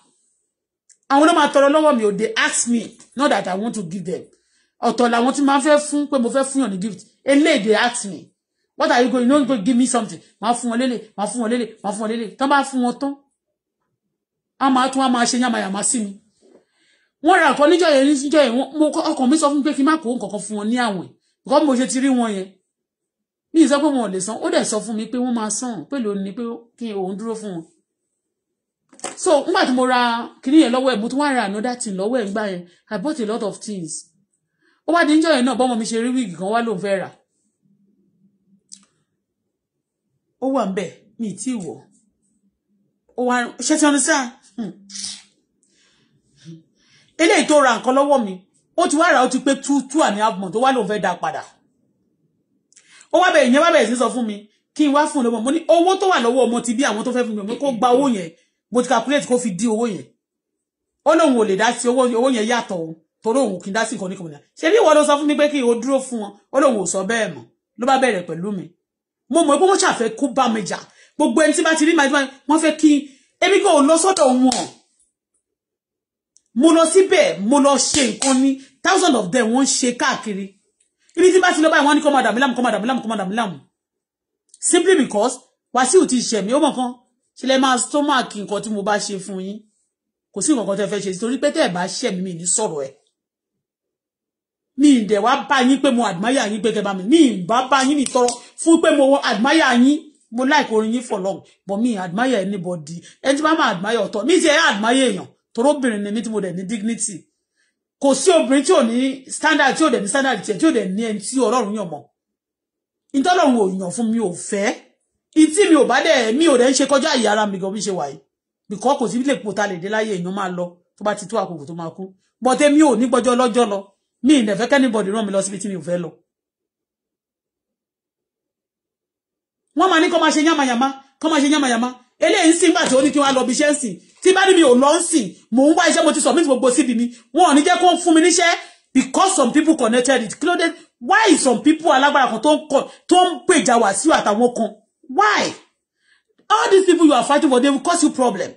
S2: àwọn náà máa tọrọ lọ́wọ́ mi ò they ask me not that I want to give them ọ̀tọ̀ làwọn tí máa fẹ́ fún pé mo fẹ́ fún yàn ní gift eléyìí they ask me what are you going you no go give me something màá fún wọn lélè màá fún wọn lélè màá fún wọn lélè tán bá fún wọn tán a máa tún a máa ṣe yàmàyàmà sí mi wọ́n ra ọ̀kan níjọ́ yẹn níjọ́ yẹn ọkàn mi sọ fún mi pé kí n má kó nǹkan kan fún wọn ní àwìn because mo ṣe ti rí wọn yẹn ní ìsọ pé wọn ò lè san ó dẹ̀ sọ fún mi pé wọ́n máa san pé ló pé kí òun dúró fún wọn. so nígbà tí mo ra kinní yẹn lọ́wọ́ ẹ̀ mo tún wá ra another thing lọ́wọ́ ẹ̀ nígbà yẹn I bought a lot of things. ó wá di níjọ́ yẹn náà bọ́mọ mi ṣe rí wíìgì kan wá lóun fẹ́ rà. ó wà ń bẹ̀ mi tí ì wọ̀ ó wá ṣe ti ọ̀nà sáà hmm. eléyìí tó ra nǹkan lọ́wọ́ mi ó ti wá rà ó ti pé two two and a half month tó wá lóun fẹ́ dá padà ó wá bẹ̀rẹ̀ ìyẹn wá bẹ̀rẹ̀ sí sọ fún mi kí n wá fún lọ́mọ mo ní owó tó wà lọ́wọ́ ọmọ ti bí àwọn tó fẹ́ fún mi kó gba owó yẹn mo ti calculate kó fi dí owó yẹn ó lóun o lè dá sí owó yẹn yàtọ̀ o torí òun kì í dá sí nǹkan oníkan ṣe bí ìwọ ló sọ fún mi pé kí o dúró fún wọn o lóun o sọ bẹ́ẹ̀ mọ́ ló bá bẹ̀rẹ̀ pẹ̀lú mi mo mọ̀ pé wọ́n ṣàfẹ́ kú bá mi jà gbogbo ẹni tí bá ti rí màá wọ́n fẹ́ kí èmi kò lọ sọ́dọ̀ wọn mo lọ síbẹ̀ mo lọ ṣe nǹkan ní thousand of them wọ́n ń ṣe káàkiri ibi tí bá ti lọ báyìí wọ́n ní kọ́ máa dàbí láàmú kọ́ máa simply because wàsíù ti ṣẹ̀ mí ó mọ̀ kan ṣe lẹ́ máa stomach nǹkan tí mo bá ṣe fún yín kò sí nǹkan kan fẹ́ ṣe torí pé tẹ́ ẹ̀ bá ṣẹ̀ mí mi ní sọ̀rọ̀ ẹ̀ mi ì dẹ̀ wá bá yín pé mo admire yín pé kẹba mi mi ì bá bá yín mi tọrọ fún pé mo admire yín mo like orin yín for long but mi admire anybody ẹni tí bá máa admire ọ̀tọ̀ mi ti ẹ̀ admire èèyàn torobìnrin ni mi tí mo dẹ̀ ní dignity kò sí obìnrin tí ò ní standard tí ò dẹ̀ ní standard tí ò dẹ̀ ní ẹni tí ọlọ́run yàn mọ́ ìtọ́lọ́run ò yàn fún mi ò fẹ́ ìtí mi ò bá dẹ̀ mi ò dẹ̀ ń ṣe kọjá ìyá ara mi gan bí ṣe wà yìí bìkọ́ kò sí ilé epo ta lè dé láyé èèyàn máa lọ tó bá ti tó àkókò tó máa kú bọ́tẹ́ mi ò ní gbọ́jọ́ lọ́jọ́ lọ mi ì nẹ̀fẹ́ kẹ́nìbọ̀dì rán mi lọ síbi tí mi ò fẹ́ lọ. wọ́n máa ní kọ́ máa ṣe yánmayàmá kọ́ máa ṣe yánmayàmá eléyìí ń sìn gbà tí ó ní kí wọ́n á lọ bí iṣẹ́ ń sìn tí bá ní mi ò lọ ń sìn mò ń wá mo ti submit gbogbo síbi mi wọn ò ní jẹ́ kó fún mi níṣẹ́ because some people connected it kí ló why some people alágbára kan tó ń kọ tó ń gbèjà wá sí àtàwọn kan why all these people you are fighting for they will cause you problem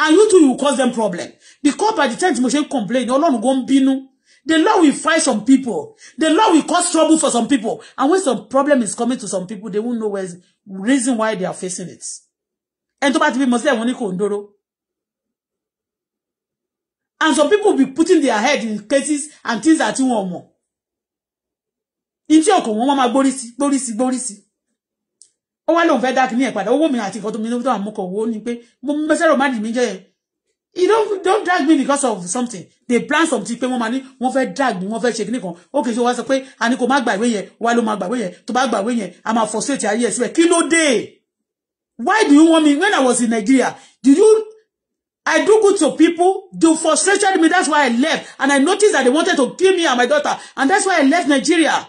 S2: and you too you will cause them problem because by the time tí mo ṣe ń complain ọlọ́run kò ń bínú the law will fight some people the law will cause trouble for some people and when some problem is coming to some people they won't know where reason why they are facing it ẹni tó bá ti bí mọ̀ sí ẹ̀wọ̀n ní kò ń dóró. And some people be putting their head in cases and things that you want more. Inti ọkàn mama borisi borisi borisi. gbórí sí gbórí sí. Ó wá lóun fẹ́ dá kìíní ẹ̀ padà owó mi àti nǹkan tó mi tó àwọn ọmọkọ̀ wo ni pé mo mẹsẹ̀rọ̀ má dì mí jẹ́ yẹn. You don't don't drag me because of something. They plan something Pe wọ́n máa ní wọ́n fẹ́ drag mi wọ́n fẹ́ ṣe kìíní kan. so wa í ṣe wá sọ pé a ní kò má gbàgbé yẹn wá ló máa gbàgbé yẹn tó bá gbàgbé yẹn a frustrated frustrate ayé ẹ̀ síbẹ̀. Kí ló Why do you want me when I was in Nigeria? Did you I do good to people. They frustrated me. That's why I left. And I noticed that they wanted to kill me and my daughter. And that's why I left Nigeria.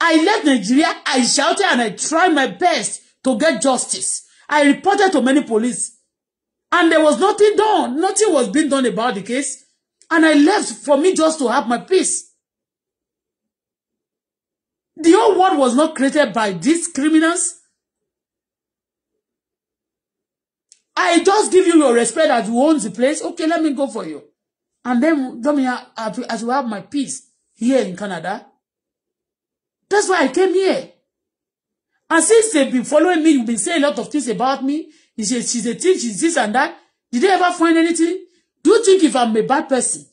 S2: I left Nigeria. I shouted and I tried my best to get justice. I reported to many police. And there was nothing done. Nothing was being done about the case. And I left for me just to have my peace. The whole world was not created by these criminals. I just give you your respect as you own the place. Okay, let me go for you. And then, let me, as you have my peace here in Canada. That's why I came here. And since they've been following me, you've been saying a lot of things about me. She's a, she's a thief, she's this and that. Did they ever find anything? Do you think if I'm a bad person?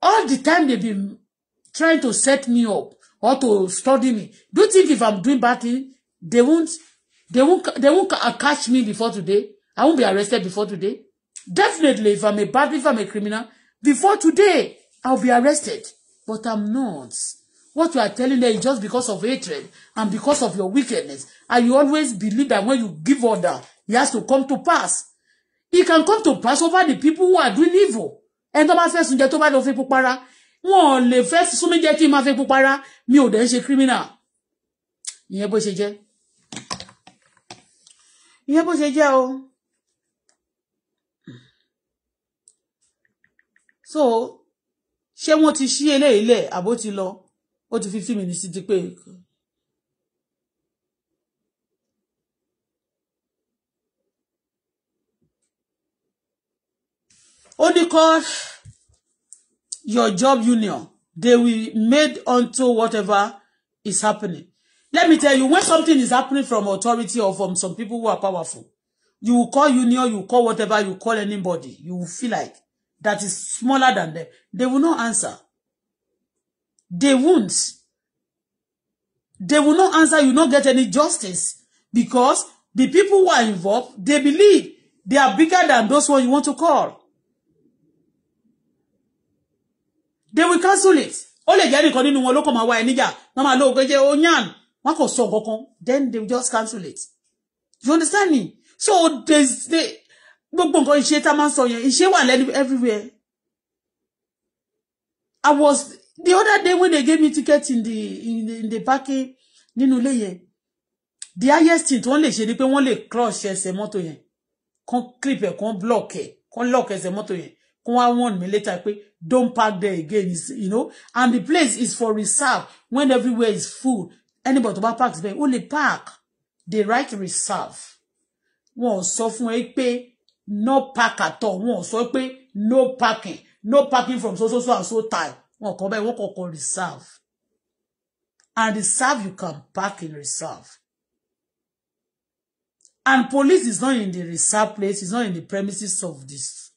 S2: All the time they've been trying to set me up or to study me. Do you think if I'm doing bad thing, they won't, they won't, they won't catch me before today? I won't be arrested before today. Definitely, if I'm a bad, if I'm a criminal, before today, I'll be arrested. But I'm not. What you are telling them is just because of hatred and because of your wickedness. And you always believe that when you give order, it has to come to pass. It can come to pass over the people who are doing evil. Ẹni tó bá fẹ́ sun jẹ tó bá lọ fi pupara. Wọ́n lè pupara. Mi ò dẹ̀ ń criminal. Ìyẹn bó ṣe jẹ́. Ìyẹn bó ṣe jẹ́ o. so ṣé wọ́n ti ṣí eléyìí lẹ̀ àbó ti lọ ó ti fifty minutes ti pé. ó ní call your job union they will made unto whatever is happening let me tell you when something is happening from authority or from some people who are powerful you will call union you will call whatever you call anybody you will feel like that is smaller than them, they will not answer. They won't. They will not answer. You will not get any justice because the people who are involved, they believe they are bigger than those who you want to call. They will cancel it. Ó lè jẹ́ nìkan nínú wọn ló kàn máa wá ẹ níjà wọ́n then they will just cancel it. You understand me? So there's, they, gbogbo nǹkan ìṣe tá a máa ń sọ yẹn ìṣe wà lẹ́nu everywhere I was the other day when they gave me ticket in the in the, in the parking nínú ilé yẹn the highest thing tí wọ́n lè ṣe ni pé wọ́n lè crush ẹsẹ̀ mọ́tò yẹn kan clip ẹ̀ kan block ẹ̀ kan lock ẹsẹ̀ mọ́tò yẹn kan wá warn me later pé don't park there again you know and the place is for reserve when everywhere is full anybody tó bá park síbẹ̀ ó park the right reserve wọn ò sọ fún ẹ pé no park at all wọn sọ pé no parking no parking from so so so and so time wọn kọ bẹ́ẹ̀ wọ́n kọ́kọ́ reserve and reserve you can park in reserve and police is not in the reserve place is not in the premises of this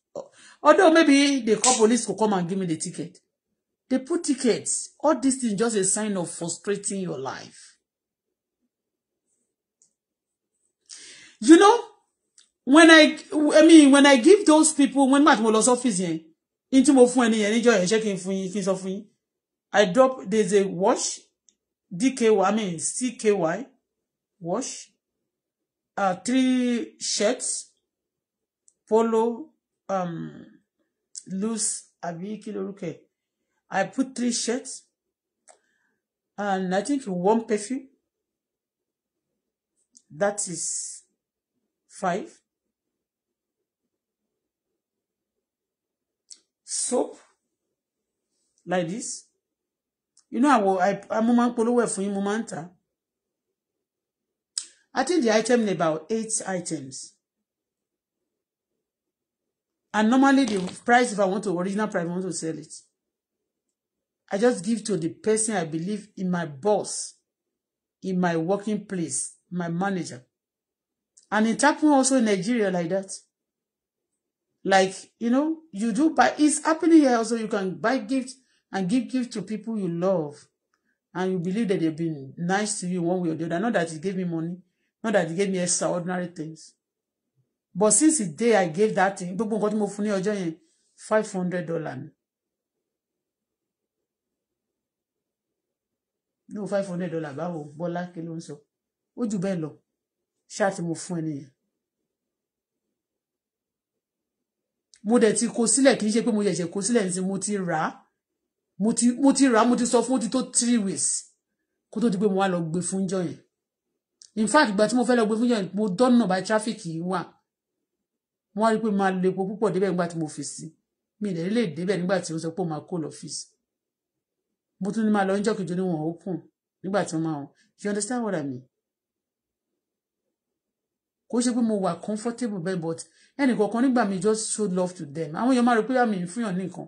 S2: although maybe they call police to come and give me the ticket they put tickets all this is just a sign of frustrating your life you know when I I mean when I give those people when my ti office yẹn into my phone, any ẹni yẹn níjọ́ yẹn ṣé kí n I drop there's a wash DKY I mean CKY wash uh, three shirts polo um, loose àbí kí lorúkọ ẹ̀ I put three shirts and I think one perfume that is five soap like this you know àwọn mo máa ń polówó ẹ̀ fún yín mo máa ń tà I think the item is about eight items and normally the price if I want to original price I want to sell it I just give to the person I believe in my boss in my working place my manager and it happened also in Nigeria like that Like, you know, you do buy, it's happening here also. You can buy gifts and give gifts to people you love. And you believe that they've been nice to you one way or the other. Not that he gave me money. Not that he gave me extraordinary things. But since the day I gave that thing, gbogbo nǹkan five hundred dollar No five hundred dollar báwo Bọ́lá kí ló ń sọ? Ó jù bẹ́ẹ̀ mo fún ẹ mo dẹ̀ ti kó sílẹ̀ kì í ṣe pé mo ṣẹ̀ṣẹ̀ kó sílẹ̀ nísìnyí mo ti rà á mo ti rà á mo ti sọ fún ó ti tó three weeks kó tó di pé mo wá lọ gbé fún jọ yẹn in fact ìgbà tí mo fẹ́ lọ gbé fún jọ yẹn mo dọ́nà bá traffic yìí wà mo wá rí i pé máa lepo púpọ̀ débẹ̀ nígbà tí mo fi sí mi ìdẹ̀rí lè débẹ̀ nígbà tí ó sọ pé ó máa kó lọ́fíìsì mo tún ní máa lọ ń jọ́ kejì ó kùn nígbà tí wọ́n máa hàn you understand what I mean kò ṣe pé mo wà comfortable bẹ́ẹ̀ but ẹnìkọ̀ọ̀kan nígbà mi just show love to them àwọn èèyàn máa rò pé bá ah, mi fún yàn nìkan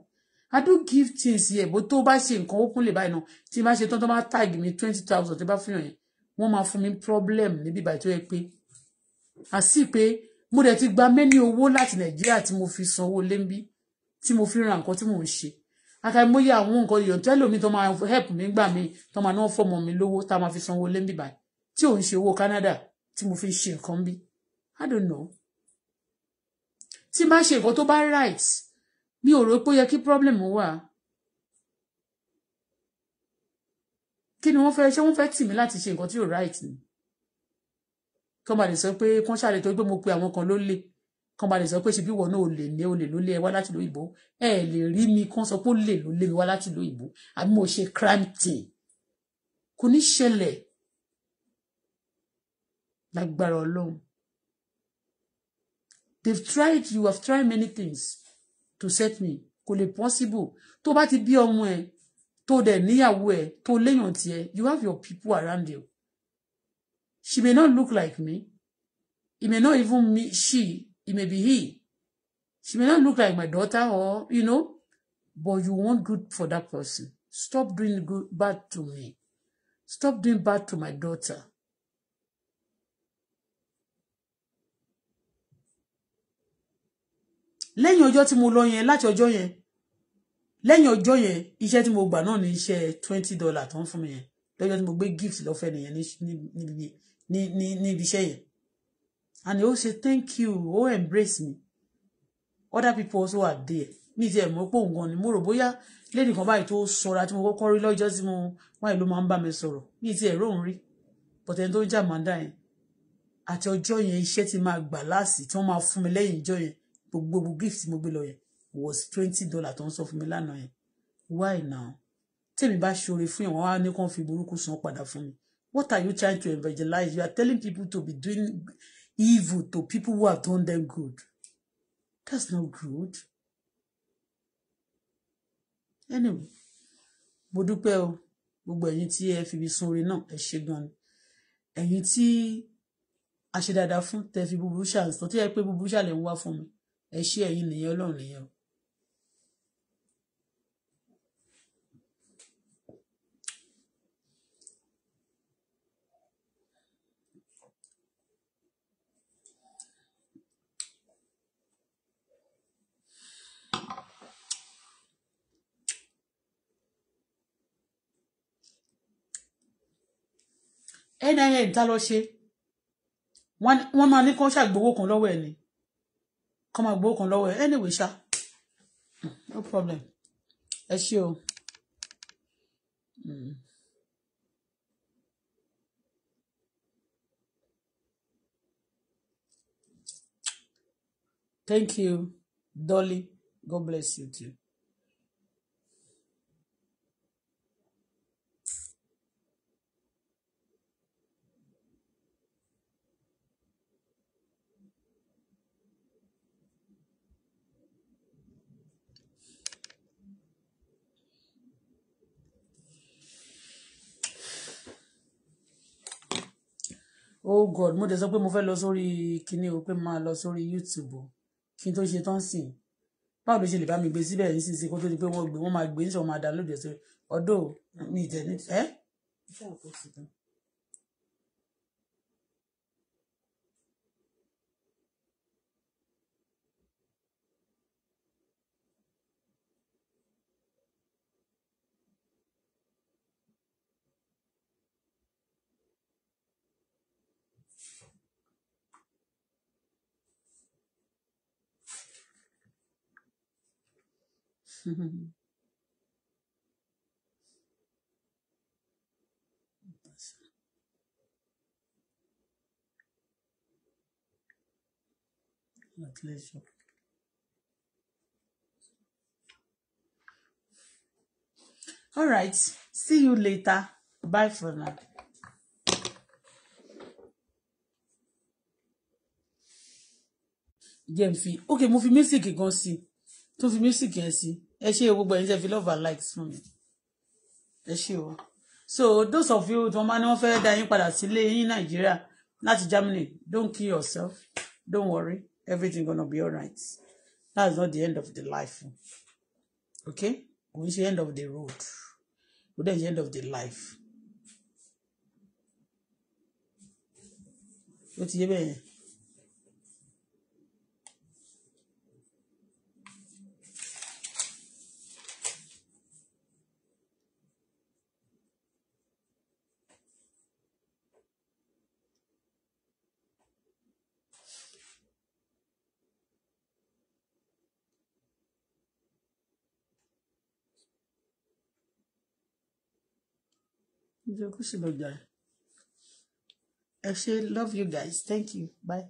S2: I do give things yẹ bó tó bá ṣe nǹkan ó kún lè báyìí náà tí bá ṣe tán tó bá tag mi twenty thousand tó bá fún yàn yẹn wọ́n máa fún mi problem níbi ìbàyí tó yẹ pé àsì pé mo dẹ̀ ti gba mẹ́ni owó láti Nàìjíríà tí mo fi sanwó lẹ́ńbí tí mo fi ra nǹkan tí mò ń ṣe akáyémóyè àwọn nǹkan èèyàn tó ẹlòmíì tó máa help mi gbà mí tó máa náà fọmọ mi lówó tá a máa fi sanwó lẹ́ńbí báyìí tí ò ṣe owó Canada tí mo fi ṣe nǹkan bíi I don't know tí n bá ṣe nǹkan tó bá right mi ò rò pé ó yẹ kí problem wà kí ni wọ́n fẹ́ ṣé wọ́n fẹ́ tì mí láti ṣe nǹkan tí ò right ni kí wọ́n bá lè sọ pé kí wọ́n tó gbé mo pe àwọn kan ló lè kí wọ́n bá lè sọ pé ṣe bí wọ́n náà ò lè lé olè ló lé ẹ wá láti lóyìnbó ẹ lè rí mi kí sọ pé ó lè ló lé mi wá láti lóyìnbó àbí mo ṣe crime thing kò ní ṣẹlẹ̀ lágbára ọlọ́run they've tried you have tried many things to set me kò lè possible tó bá ti bí ọmọ ẹ tó dẹ̀ níyàwó ẹ tó léèyàn tiẹ̀ you have your people around you she may not look like me it may not even be she it may be he she may not look like my daughter or you know but you want good for that person stop doing good bad to me stop doing bad to my daughter lẹ́yìn ọjọ́ tí mo lọ yẹn láti ọjọ́ yẹn lẹ́yìn ọjọ́ yẹn iṣẹ́ tí mo gbà náà ní iṣẹ́ twenty dollar tó ń fún mi yẹn lọ́jọ́ tí mo gbé gift lọ́fẹ̀ẹ́ nìyẹn ní ibi iṣẹ́ yẹn and ó ṣe thank you Oh embrace me other people also are there ní ti ẹ̀mọ́ pò ń gan ni mo rò bóyá lẹ́nu kan báyìí tó sọra tí mo kọ́kọ́ rí lọ́jọ́ tí mo wáyé ló máa ń bá mi sọ̀rọ̀ ní ti ẹ̀rọ òun rí but ẹni tó ń jà máa ń dá yẹn àti ọjọ́ yẹn iṣẹ́ ti máa gbà láàsì tí wọ́n máa fún mi lẹ́yìn ìjọ yẹn gbogbo gift mo gbé lọ yẹn was twenty dollar tó ń sọ fún mi lánàá yẹn why now tèmi bá ṣoore fún yẹn wọn á ní kàn fi burúkú san padà fún mi what are you trying to evangelize you are telling people to be doing evil to people who have done them good that's not good anyway mo dúpẹ́ o gbogbo ẹ̀yin tí ẹ fi sun orin náà ẹ ṣe gan ni ẹ̀yin tí aṣedáadáa fún tẹ fi búburú ṣàǹsán tó yẹ pé búburú ṣàlẹ̀ ń wá fún mi ẹ ṣé nìyẹn Ọlọ́run nìyẹn o. nin ta lọ ṣe wọ́n máa ní kán ṣàgbowó kan lọ́wọ́ ẹ̀ ni kọ́ máa gbowó kan lọ́wọ́ ẹ̀ anyway ṣá no problem ẹ ṣé o. Mm. Thank you, Dolly. God bless you too. oh god mo dẹ̀ sọ pé mo fẹ́ lọ sórí kinní o pé mo máa lọ sórí youtube o kí n tó ṣe tán sìn báwo ló ṣe lè bá mi gbé síbẹ̀ nísinsìnyí kó tó di pé wọ́n gbé wọ́n máa gbé níṣẹ́ wọ́n máa dá lóde ọ̀sẹ̀ ọdọ́ mi ìtẹ̀ ní ẹ́. At least you All right. See you later. Bye for now. Jẹ́ n fi, okay, mo fi music gan sí, tó fi music yẹn sí ẹ ṣé gbogbo ẹ̀yin tẹ́ fi love and likes fún mi ẹ ṣé o so those of you tí wọ́n máa ní wọ́n fẹ́ dá yín padà sílé yín nàìjíríà láti germany don't kill yourself don't worry everything gonna be alright that's not the end of the life okay kò ń ṣe end of the road kò dẹ̀ ṣe end of the life ó ti yé bẹ́ẹ̀ yẹn. I ṣé, love you guys. Thank you. Bye.